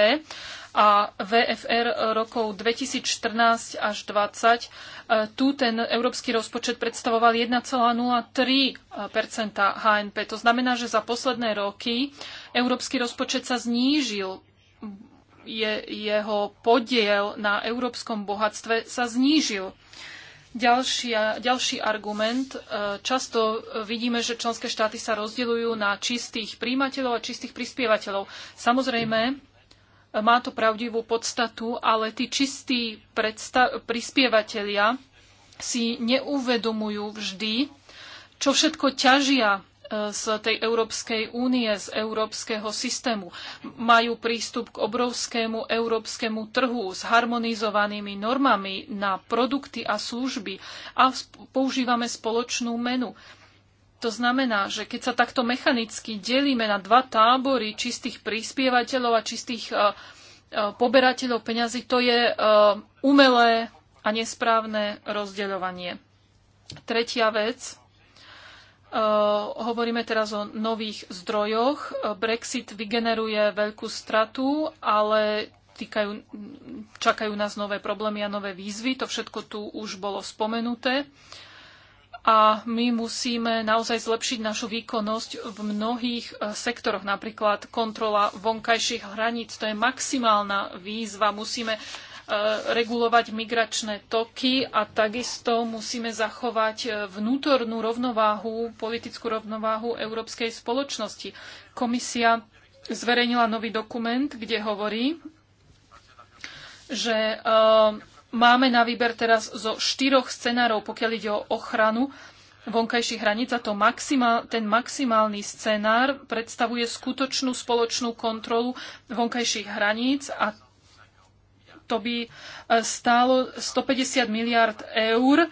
a VFR rokov 2014 až 2020 eh, tu ten európsky rozpočet predstavoval 1,03 HNP. To znamená, že za posledné roky európsky rozpočet sa znížil je, jeho podiel na európskom bohatstve sa znížil. Ďalšia, ďalší argument. E, často vidíme, že členské štáty sa rozdeľujú na čistých príjimateľov a čistých prispievateľov. Samozrejme, má to pravdivú podstatu, ale tí čistí prispievateľia si neuvedomujú vždy, čo všetko ťažia z tej Európskej únie, z európskeho systému. Majú prístup k obrovskému európskemu trhu s harmonizovanými normami na produkty a služby a používame spoločnú menu. To znamená, že keď sa takto mechanicky delíme na dva tábory čistých prispievateľov a čistých e, e, poberateľov peňazí, to je e, umelé a nesprávne rozdeľovanie. Tretia vec, Eh, hovoríme teraz o nových zdrojoch. Eh, Brexit vygeneruje veľkú stratu, ale týkajú, čakajú nás nové problémy a nové výzvy. To všetko tu už bolo spomenuté. A my musíme naozaj zlepšiť našu výkonnosť v mnohých eh, sektoroch, napríklad kontrola vonkajších hraníc. To je maximálna výzva. Musíme Eh, regulovať migračné toky a takisto musíme zachovať eh, vnútornú rovnováhu, politickú rovnováhu európskej spoločnosti. Komisia zverejnila nový dokument, kde hovorí, že eh, máme na výber teraz zo štyroch scenárov, pokiaľ ide o ochranu vonkajších hraníc a to maximál, ten maximálny scenár predstavuje skutočnú spoločnú kontrolu vonkajších hraníc a to by e, stálo 150 miliard eur e,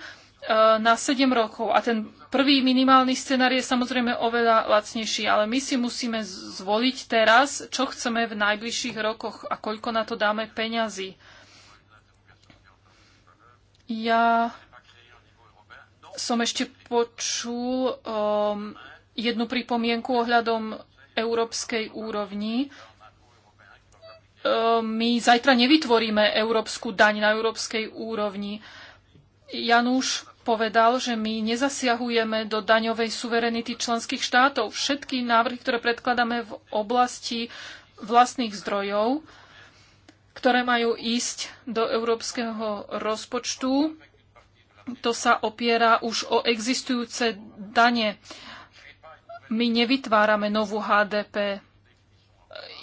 na 7 rokov. A ten prvý minimálny scenár je samozrejme oveľa lacnejší, ale my si musíme zvoliť teraz, čo chceme v najbližších rokoch a koľko na to dáme peňazí. Ja som ešte počul um, jednu pripomienku ohľadom európskej úrovni my zajtra nevytvoríme európsku daň na európskej úrovni. Janúš povedal, že my nezasiahujeme do daňovej suverenity členských štátov. Všetky návrhy, ktoré predkladáme v oblasti vlastných zdrojov, ktoré majú ísť do európskeho rozpočtu, to sa opiera už o existujúce dane. My nevytvárame novú HDP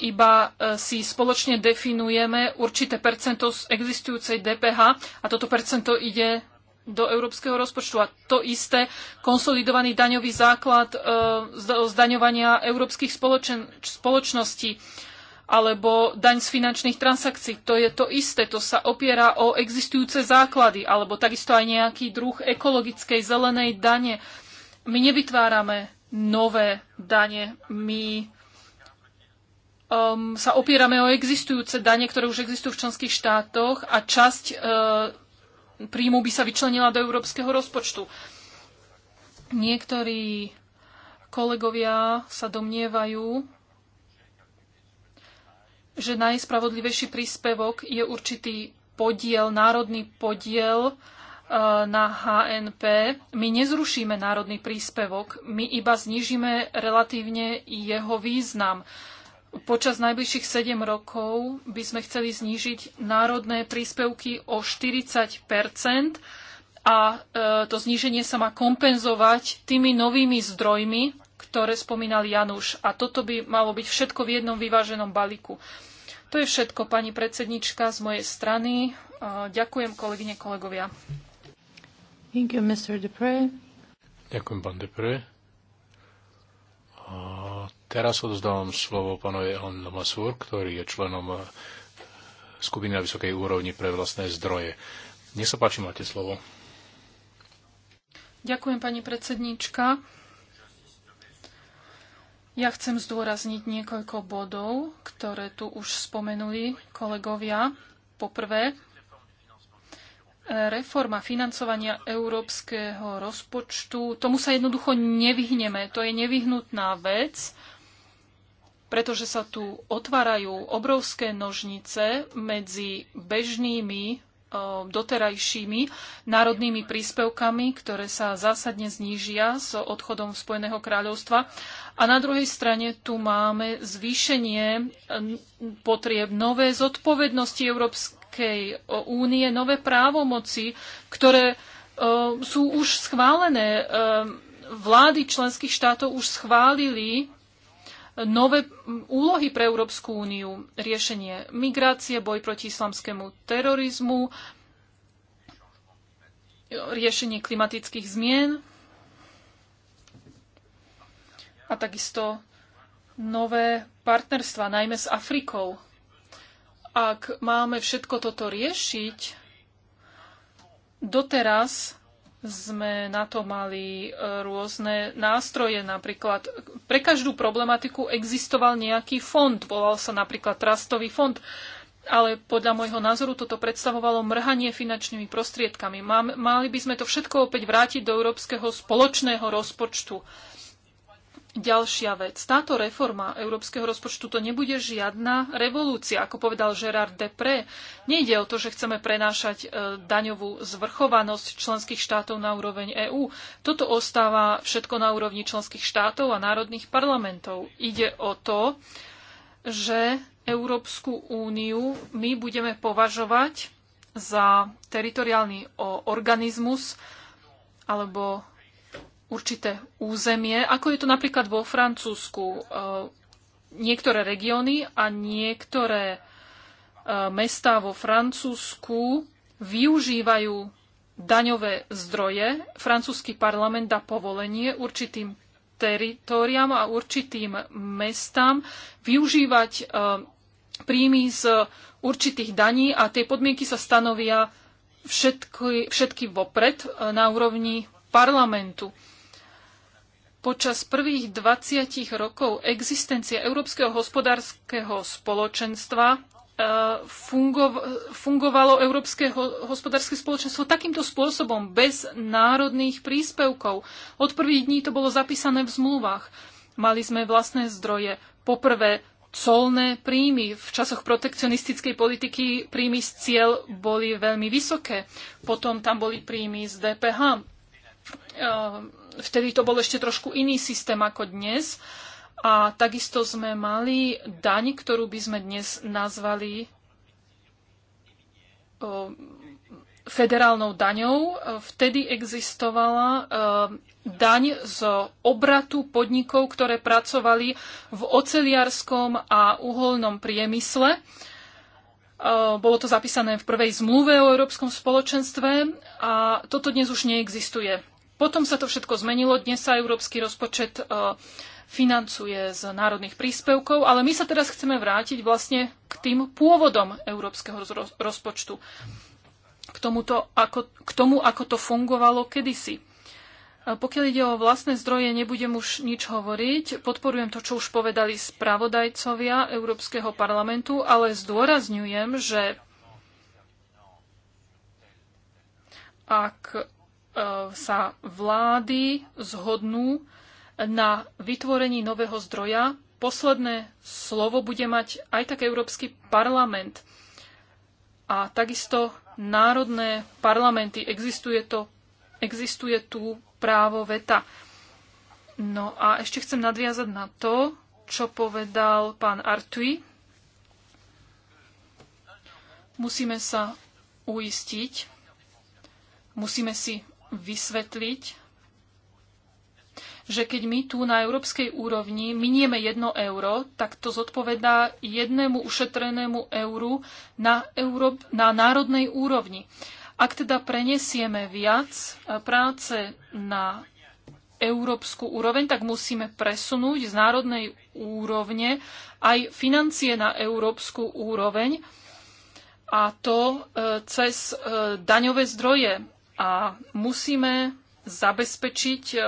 iba e, si spoločne definujeme určité percento z existujúcej DPH a toto percento ide do európskeho rozpočtu. A to isté, konsolidovaný daňový základ e, zdaňovania európskych spoločen- spoločností alebo daň z finančných transakcií. To je to isté, to sa opiera o existujúce základy, alebo takisto aj nejaký druh ekologickej zelenej dane. My nevytvárame nové dane, my um, sa opierame o existujúce dane, ktoré už existujú v členských štátoch a časť uh, príjmu by sa vyčlenila do európskeho rozpočtu. Niektorí kolegovia sa domnievajú, že najspravodlivejší príspevok je určitý podiel, národný podiel e, na HNP. My nezrušíme národný príspevok, my iba znižíme relatívne jeho význam. Uh, Počas najbližších 7 rokov by sme chceli znížiť národné príspevky o 40 a e, to zníženie sa má kompenzovať tými novými zdrojmi, ktoré spomínal Januš. A toto by malo byť všetko v jednom vyváženom balíku. To je všetko, pani predsednička, z mojej strany. E, ďakujem, kolegyne, kolegovia. Thank you, Mr. Ďakujem, pán Depre. A Teraz odozdávam slovo pánovi Elon Masur, ktorý je členom eh, skupiny na vysokej úrovni pre vlastné zdroje. Nech sa páči, máte slovo. Ďakujem, pani predsednička. Ja chcem zdôrazniť niekoľko bodov, ktoré tu už spomenuli kolegovia. Poprvé, reforma financovania európskeho rozpočtu. Tomu sa jednoducho nevyhneme. To je nevyhnutná vec pretože sa tu otvárajú obrovské nožnice medzi bežnými e, doterajšími národnými príspevkami, ktoré sa zásadne znížia s odchodom Spojeného kráľovstva. A na druhej strane tu máme zvýšenie e, potrieb nové zodpovednosti Európskej e, únie, nové právomoci, ktoré sú už schválené. Vlády členských štátov už schválili nové úlohy pre Európsku úniu, riešenie migrácie, boj proti islamskému terorizmu, riešenie klimatických zmien a takisto nové partnerstva, najmä s Afrikou. Ak máme všetko toto riešiť, doteraz sme na to mali e, rôzne nástroje. Napríklad pre každú problematiku existoval nejaký fond. Volal sa napríklad Trastový fond. Ale podľa môjho názoru toto predstavovalo mrhanie finančnými prostriedkami. Mali by sme to všetko opäť vrátiť do európskeho spoločného rozpočtu. Ďalšia vec. Táto reforma európskeho rozpočtu to nebude žiadna revolúcia, ako povedal Gerard Depré. Nejde o to, že chceme prenášať e, daňovú zvrchovanosť členských štátov na úroveň EÚ. Toto ostáva všetko na úrovni členských štátov a národných parlamentov. Ide o to, že Európsku úniu my budeme považovať za teritoriálny organizmus alebo určité územie, ako je to napríklad vo Francúzsku. E, niektoré regióny a niektoré e, mestá vo Francúzsku využívajú daňové zdroje. Francúzsky parlament dá povolenie určitým teritoriám a určitým mestám využívať e, príjmy z určitých daní a tie podmienky sa stanovia všetky, všetky vopred na úrovni parlamentu. Počas prvých 20 rokov existencie Európskeho hospodárskeho spoločenstva e, fungovalo Európske hospodárske spoločenstvo takýmto spôsobom, bez národných príspevkov. Od prvých dní to bolo zapísané v zmluvách. Mali sme vlastné zdroje. Poprvé, colné príjmy. V časoch protekcionistickej politiky príjmy z cieľ boli veľmi vysoké. Potom tam boli príjmy z DPH. E, vtedy to bol ešte trošku iný systém ako dnes. A takisto sme mali daň, ktorú by sme dnes nazvali federálnou daňou. Vtedy existovala e, daň z obratu podnikov, ktoré pracovali v oceliarskom a uholnom priemysle. E, bolo to zapísané v prvej zmluve o Európskom spoločenstve a toto dnes už neexistuje. Potom sa to všetko zmenilo. Dnes sa európsky rozpočet e, financuje z národných príspevkov, ale my sa teraz chceme vrátiť vlastne k tým pôvodom európskeho rozpočtu. K, tomuto, ako, k tomu, ako to fungovalo kedysi. E, pokiaľ ide o vlastné zdroje, nebudem už nič hovoriť. Podporujem to, čo už povedali spravodajcovia Európskeho parlamentu, ale zdôrazňujem, že ak E, sa vlády zhodnú na vytvorení nového zdroja. Posledné slovo bude mať aj tak Európsky parlament a takisto národné parlamenty. Existuje, to, existuje tu právo veta. No a ešte chcem nadviazať na to, čo povedal pán Artui. Musíme sa uistiť, musíme si vysvetliť, že keď my tu na európskej úrovni minieme jedno euro, tak to zodpovedá jednému ušetrenému euru na, euro, na národnej úrovni. Ak teda prenesieme viac eh, práce na európsku úroveň, tak musíme presunúť z národnej úrovne aj financie na európsku úroveň a to eh, cez eh, daňové zdroje a musíme zabezpečiť e,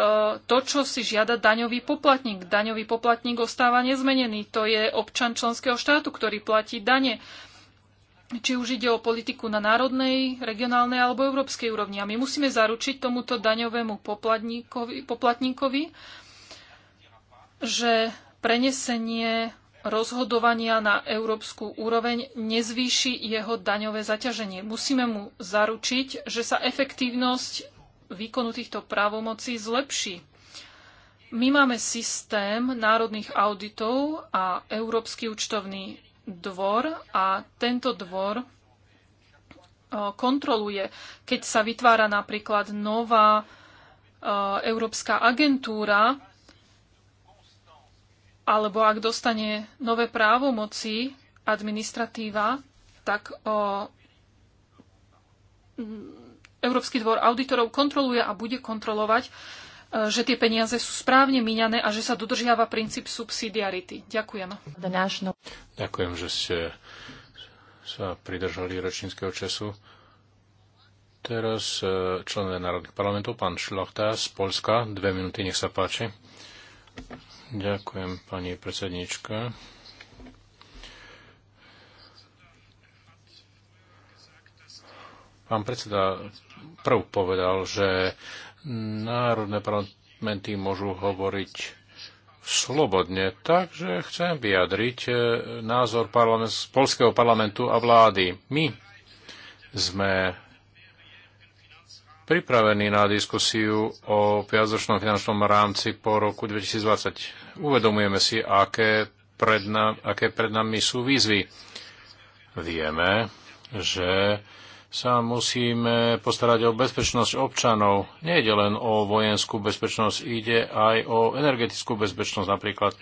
to, čo si žiada daňový poplatník. Daňový poplatník ostáva nezmenený. To je občan členského štátu, ktorý platí dane. Či už ide o politiku na národnej, regionálnej alebo európskej úrovni. A my musíme zaručiť tomuto daňovému poplatníkovi, poplatníkovi že prenesenie rozhodovania na európsku úroveň nezvýši jeho daňové zaťaženie. Musíme mu zaručiť, že sa efektívnosť výkonu týchto právomocí zlepší. My máme systém národných auditov a Európsky účtovný dvor a tento dvor kontroluje, keď sa vytvára napríklad nová Európska agentúra, alebo ak dostane nové právomoci administratíva, tak o, mm, Európsky dvor auditorov kontroluje a bude kontrolovať, e, že tie peniaze sú správne míňané a že sa dodržiava princíp subsidiarity. Ďakujem. Ďakujem, že ste sa pridržali ročníckého času. Teraz e, členové národných parlamentov, pán Šlachta z Polska. Dve minúty, nech sa páči. Ďakujem, pani predsednička. Pán predseda prv povedal, že národné parlamenty môžu hovoriť slobodne, takže chcem vyjadriť eh, názor parlament, polského parlamentu a vlády. My sme pripravení na diskusiu o piazočnom finančnom rámci po roku 2020. Uvedomujeme si, aké pred, nám, aké pred nami sú výzvy. Vieme, že sa musíme postarať o bezpečnosť občanov. nie je len o vojenskú bezpečnosť, ide aj o energetickú bezpečnosť napríklad.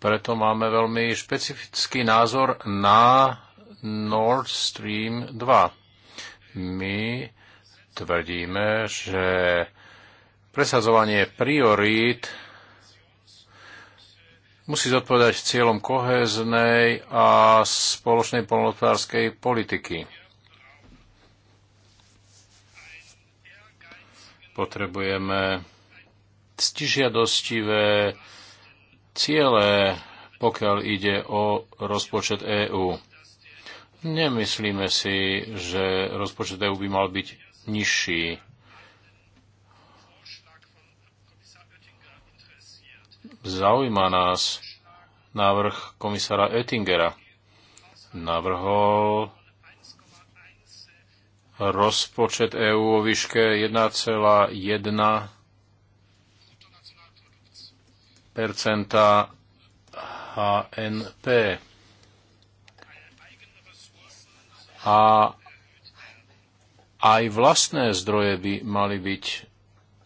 Preto máme veľmi špecifický názor na Nord Stream 2. My tvrdíme, že presadzovanie priorít musí zodpovedať cieľom kohéznej a spoločnej polnotvárskej politiky. Potrebujeme ctižiadostivé ciele, pokiaľ ide o rozpočet EÚ Nemyslíme si, že rozpočet EU by mal byť nižší. Zaujíma nás návrh komisára Oettingera. Navrhol rozpočet EÚ o výške 1,1 HNP. a aj vlastné zdroje by mali byť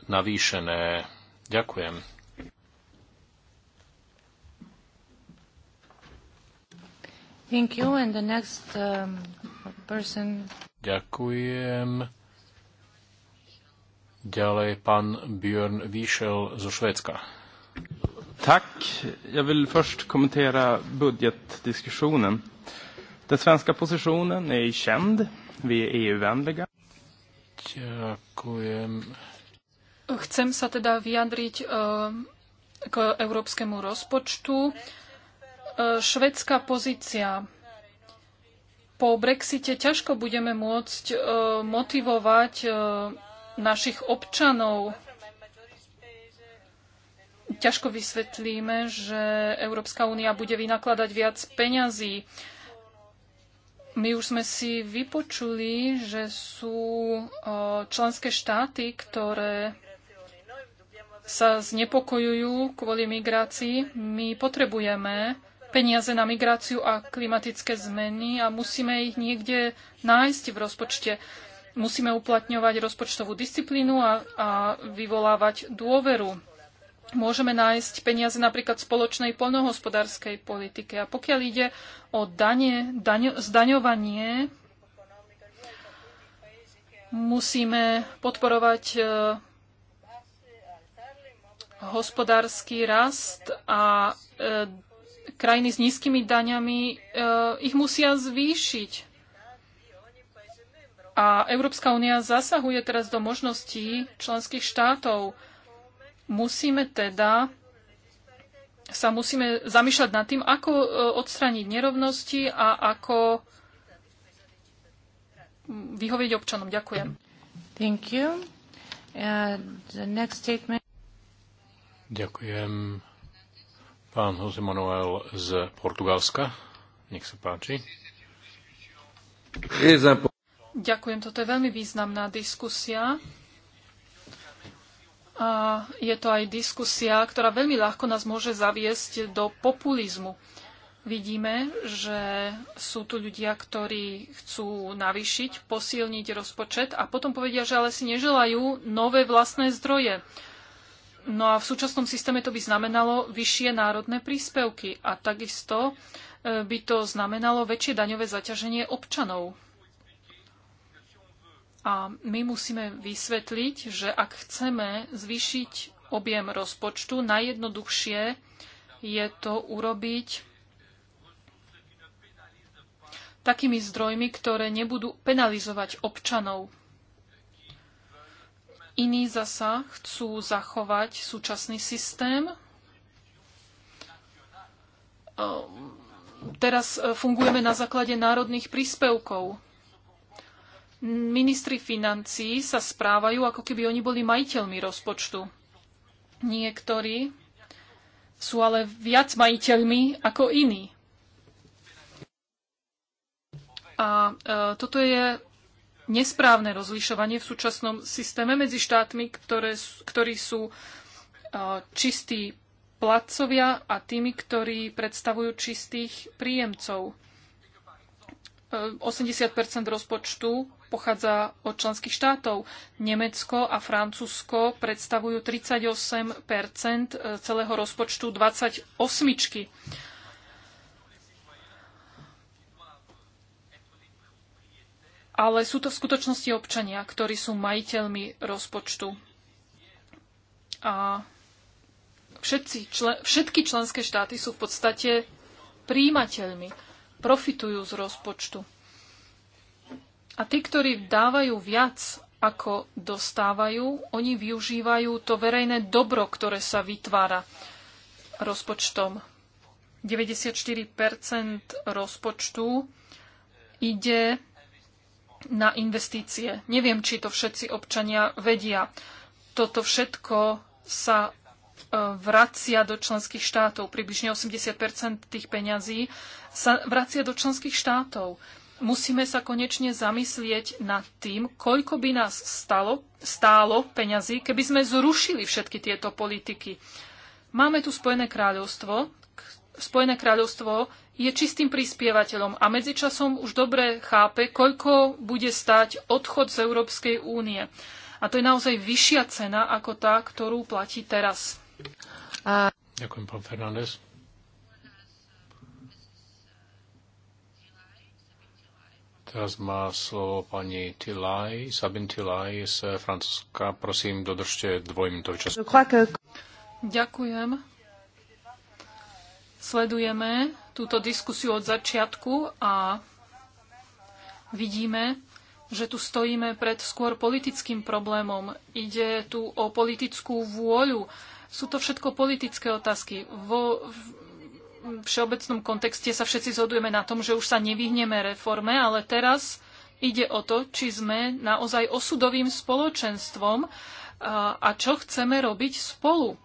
navýšené. Ďakujem. Thank you. And the next um, person... Ďakujem. Ďalej pán Björn Wiesel zo Švédska. Tak, ja vill först kommentera budgetdiskussionen. Den svenska positionen är känd. Vi är EU-vänliga. Ďakujem. Chcem sa teda vyjadriť eh, k európskemu rozpočtu. Eh, švedská pozícia. Po Brexite ťažko budeme môcť eh, motivovať našich občanov. Ťažko vysvetlíme, že Európska únia bude vynakladať viac peňazí. My už sme si vypočuli, že sú členské štáty, ktoré sa znepokojujú kvôli migrácii. My potrebujeme peniaze na migráciu a klimatické zmeny a musíme ich niekde nájsť v rozpočte. Musíme uplatňovať rozpočtovú disciplínu a, a vyvolávať dôveru môžeme nájsť peniaze napríklad v spoločnej poľnohospodárskej politike. A pokiaľ ide o dane, daňo, zdaňovanie, musíme podporovať e, hospodársky rast a e, krajiny s nízkymi daňami e, ich musia zvýšiť. A Európska únia zasahuje teraz do možností členských štátov Musíme teda sa musíme zamýšľať nad tým, ako e, odstraniť nerovnosti a ako vyhovieť občanom. Ďakujem. Thank you. Uh, the next statement. Ďakujem. Pán Jose Manuel z Portugalska. Nech sa páči. Ďakujem, toto je veľmi významná diskusia. A je to aj diskusia, ktorá veľmi ľahko nás môže zaviesť do populizmu. Vidíme, že sú tu ľudia, ktorí chcú navýšiť, posilniť rozpočet a potom povedia, že ale si neželajú nové vlastné zdroje. No a v súčasnom systéme to by znamenalo vyššie národné príspevky a takisto e, by to znamenalo väčšie daňové zaťaženie občanov. A my musíme vysvetliť, že ak chceme zvýšiť objem rozpočtu, najjednoduchšie je to urobiť takými zdrojmi, ktoré nebudú penalizovať občanov. Iní zasa chcú zachovať súčasný systém. Ehm, teraz e, fungujeme na základe národných príspevkov ministri financií sa správajú, ako keby oni boli majiteľmi rozpočtu. Niektorí sú ale viac majiteľmi ako iní. A e, toto je nesprávne rozlišovanie v súčasnom systéme medzi štátmi, ktoré, ktorí sú e, čistí placovia a tými, ktorí predstavujú čistých príjemcov. E, 80 rozpočtu pochádza od členských štátov. Nemecko a Francúzsko predstavujú 38 e, celého rozpočtu 28. Ale sú to v skutočnosti občania, ktorí sú majiteľmi rozpočtu. A všetci, člen, všetky členské štáty sú v podstate príjimateľmi, profitujú z rozpočtu. A tí, ktorí dávajú viac, ako dostávajú, oni využívajú to verejné dobro, ktoré sa vytvára rozpočtom. 94 rozpočtu ide na investície. Neviem, či to všetci občania vedia. Toto všetko sa e, vracia do členských štátov. Približne 80 tých peňazí sa vracia do členských štátov musíme sa konečne zamyslieť nad tým, koľko by nás stalo, stálo peňazí, keby sme zrušili všetky tieto politiky. Máme tu Spojené kráľovstvo. Spojené kráľovstvo je čistým prispievateľom a medzičasom už dobre chápe, koľko bude stať odchod z Európskej únie. A to je naozaj vyššia cena ako tá, ktorú platí teraz. A... Ďakujem, pán Fernández. Teraz má slovo pani Tilaj, Sabin Tilaj z Francúzska. Prosím, dodržte dvojminútový čas. Ďakujem. Sledujeme túto diskusiu od začiatku a vidíme, že tu stojíme pred skôr politickým problémom. Ide tu o politickú vôľu. Sú to všetko politické otázky. Vo, v, všeobecnom kontexte sa všetci zhodujeme na tom, že už sa nevyhneme reforme, ale teraz ide o to, či sme naozaj osudovým spoločenstvom a čo chceme robiť spolu.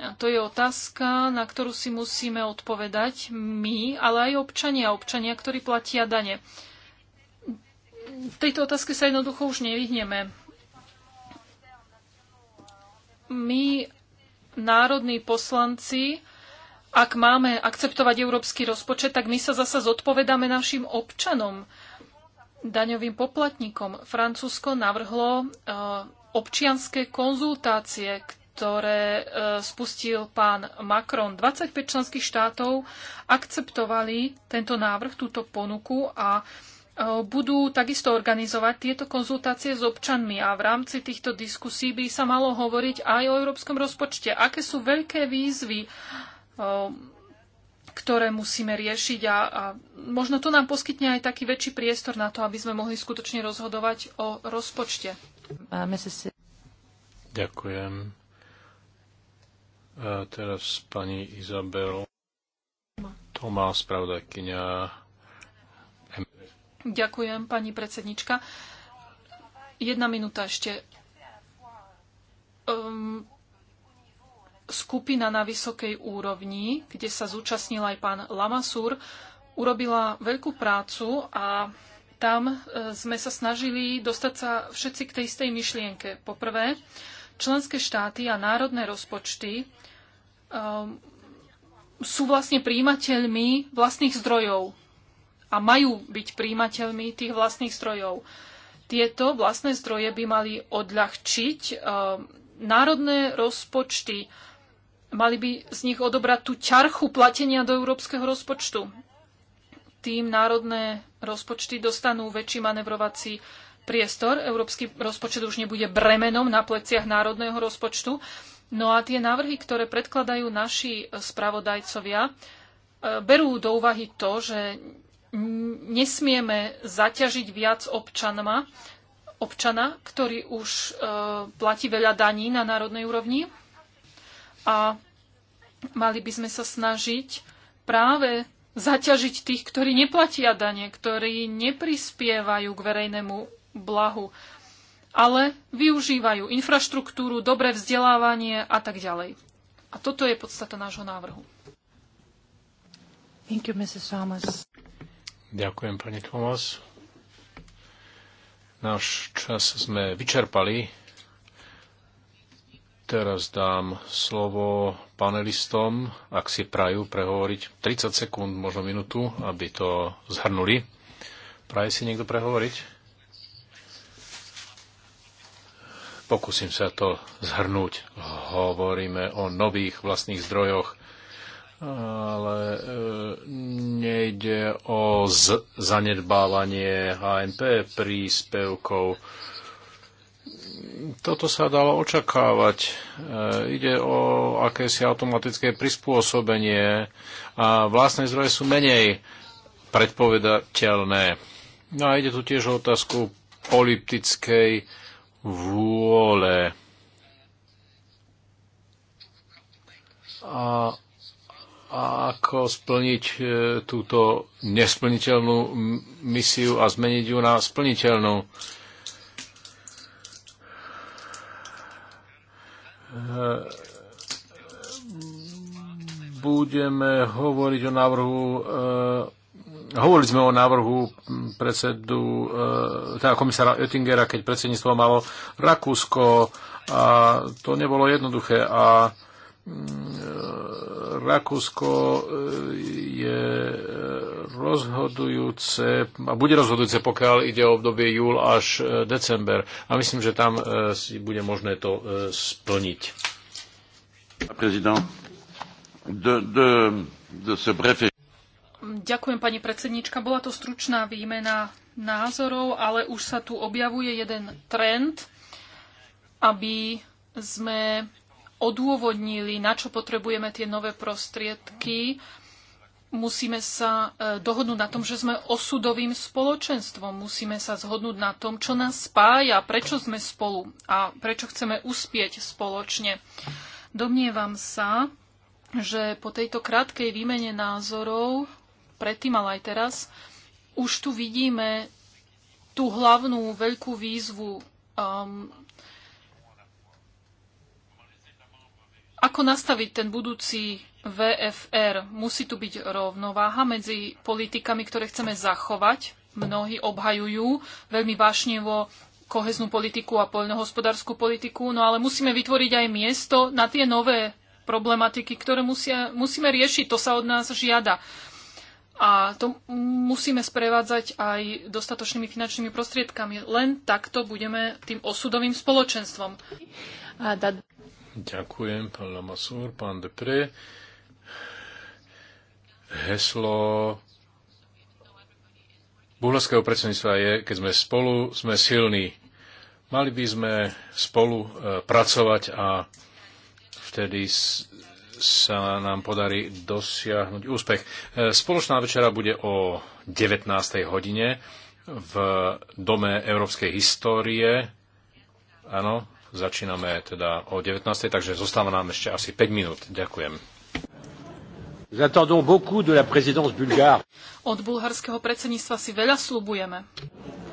A to je otázka, na ktorú si musíme odpovedať my, ale aj občania, občania, ktorí platia dane. V tejto otázke sa jednoducho už nevyhneme. My, národní poslanci, ak máme akceptovať európsky rozpočet, tak my sa zasa zodpovedáme našim občanom, daňovým poplatníkom. Francúzsko navrhlo e, občianské konzultácie, ktoré e, spustil pán Macron. 25 členských štátov akceptovali tento návrh, túto ponuku a e, budú takisto organizovať tieto konzultácie s občanmi a v rámci týchto diskusí by sa malo hovoriť aj o európskom rozpočte. Aké sú veľké výzvy Eh, ktoré musíme riešiť a, a možno to nám poskytne aj taký väčší priestor na to, aby sme mohli skutočne rozhodovať o rozpočte. Ďakujem. A teraz pani Izabel Tomá, spravodajkyňa. Ďakujem, pani predsednička. Jedna minúta ešte. Um, skupina na vysokej úrovni, kde sa zúčastnil aj pán Lamasur, urobila veľkú prácu a tam e, sme sa snažili dostať sa všetci k tej istej myšlienke. Poprvé, členské štáty a národné rozpočty um, sú vlastne príjimateľmi vlastných zdrojov a majú byť príjimateľmi tých vlastných zdrojov. Tieto vlastné zdroje by mali odľahčiť um, národné rozpočty mali by z nich odobrať tú ťarchu platenia do európskeho rozpočtu. Tým národné rozpočty dostanú väčší manevrovací priestor. Európsky rozpočet už nebude bremenom na pleciach národného rozpočtu. No a tie návrhy, ktoré predkladajú naši spravodajcovia, e, berú do úvahy to, že nesmieme zaťažiť viac občanma, občana, ktorý už e, platí veľa daní na národnej úrovni, a mali by sme sa snažiť práve zaťažiť tých, ktorí neplatia dane, ktorí neprispievajú k verejnému blahu, ale využívajú infraštruktúru, dobré vzdelávanie a tak ďalej. A toto je podstata nášho návrhu. Thank you, Mrs. Thomas. Ďakujem, pani Thomas. Náš čas sme vyčerpali. Teraz dám slovo panelistom, ak si prajú prehovoriť 30 sekúnd, možno minútu, aby to zhrnuli. Praje si niekto prehovoriť? Pokúsim sa to zhrnúť. Hovoríme o nových vlastných zdrojoch, ale e, nejde o zanedbávanie HNP príspevkov. E, toto sa dalo očakávať. E, ide o akési automatické prispôsobenie a vlastné zdroje sú menej predpovedateľné. No a ide tu tiež o otázku politickej vôle. A, a ako splniť e, túto nesplniteľnú misiu a zmeniť ju na splniteľnú. budeme hovoriť o návrhu e, Hovorili sme o návrhu predsedu, e, teda komisára Oettingera, keď predsedníctvo malo Rakúsko a to nebolo jednoduché a mm, e, Rakúsko je rozhodujúce a bude rozhodujúce, pokiaľ ide o obdobie júl až december. A myslím, že tam si bude možné to splniť de, de, de ce bref... Ďakujem, pani predsednička. Bola to stručná výmena názorov, ale už sa tu objavuje jeden trend, aby sme odôvodnili, na čo potrebujeme tie nové prostriedky. Musíme sa e, dohodnúť na tom, že sme osudovým spoločenstvom. Musíme sa zhodnúť na tom, čo nás spája, prečo sme spolu a prečo chceme uspieť spoločne. Domnievam sa, že po tejto krátkej výmene názorov, predtým ale aj teraz, už tu vidíme tú hlavnú veľkú výzvu, um, ako nastaviť ten budúci VFR. Musí tu byť rovnováha medzi politikami, ktoré chceme zachovať. Mnohí obhajujú veľmi vášnevo koheznú politiku a poľnohospodárskú politiku, no ale musíme vytvoriť aj miesto na tie nové problematiky, ktoré musia, musíme riešiť. To sa od nás žiada. A to musíme sprevádzať aj dostatočnými finančnými prostriedkami. Len takto budeme tým osudovým spoločenstvom. Ďakujem, pán Lamasúr, pán Depre. Heslo bulharského predsedníctva je, keď sme spolu, sme silní. Mali by sme spolu e, pracovať a vtedy sa nám podarí dosiahnuť úspech. E, spoločná večera bude o 19. hodine v Dome európskej histórie. Áno, začíname teda o 19. takže zostáva nám ešte asi 5 minút. Ďakujem. Od bulharského predsedníctva si veľa slubujeme.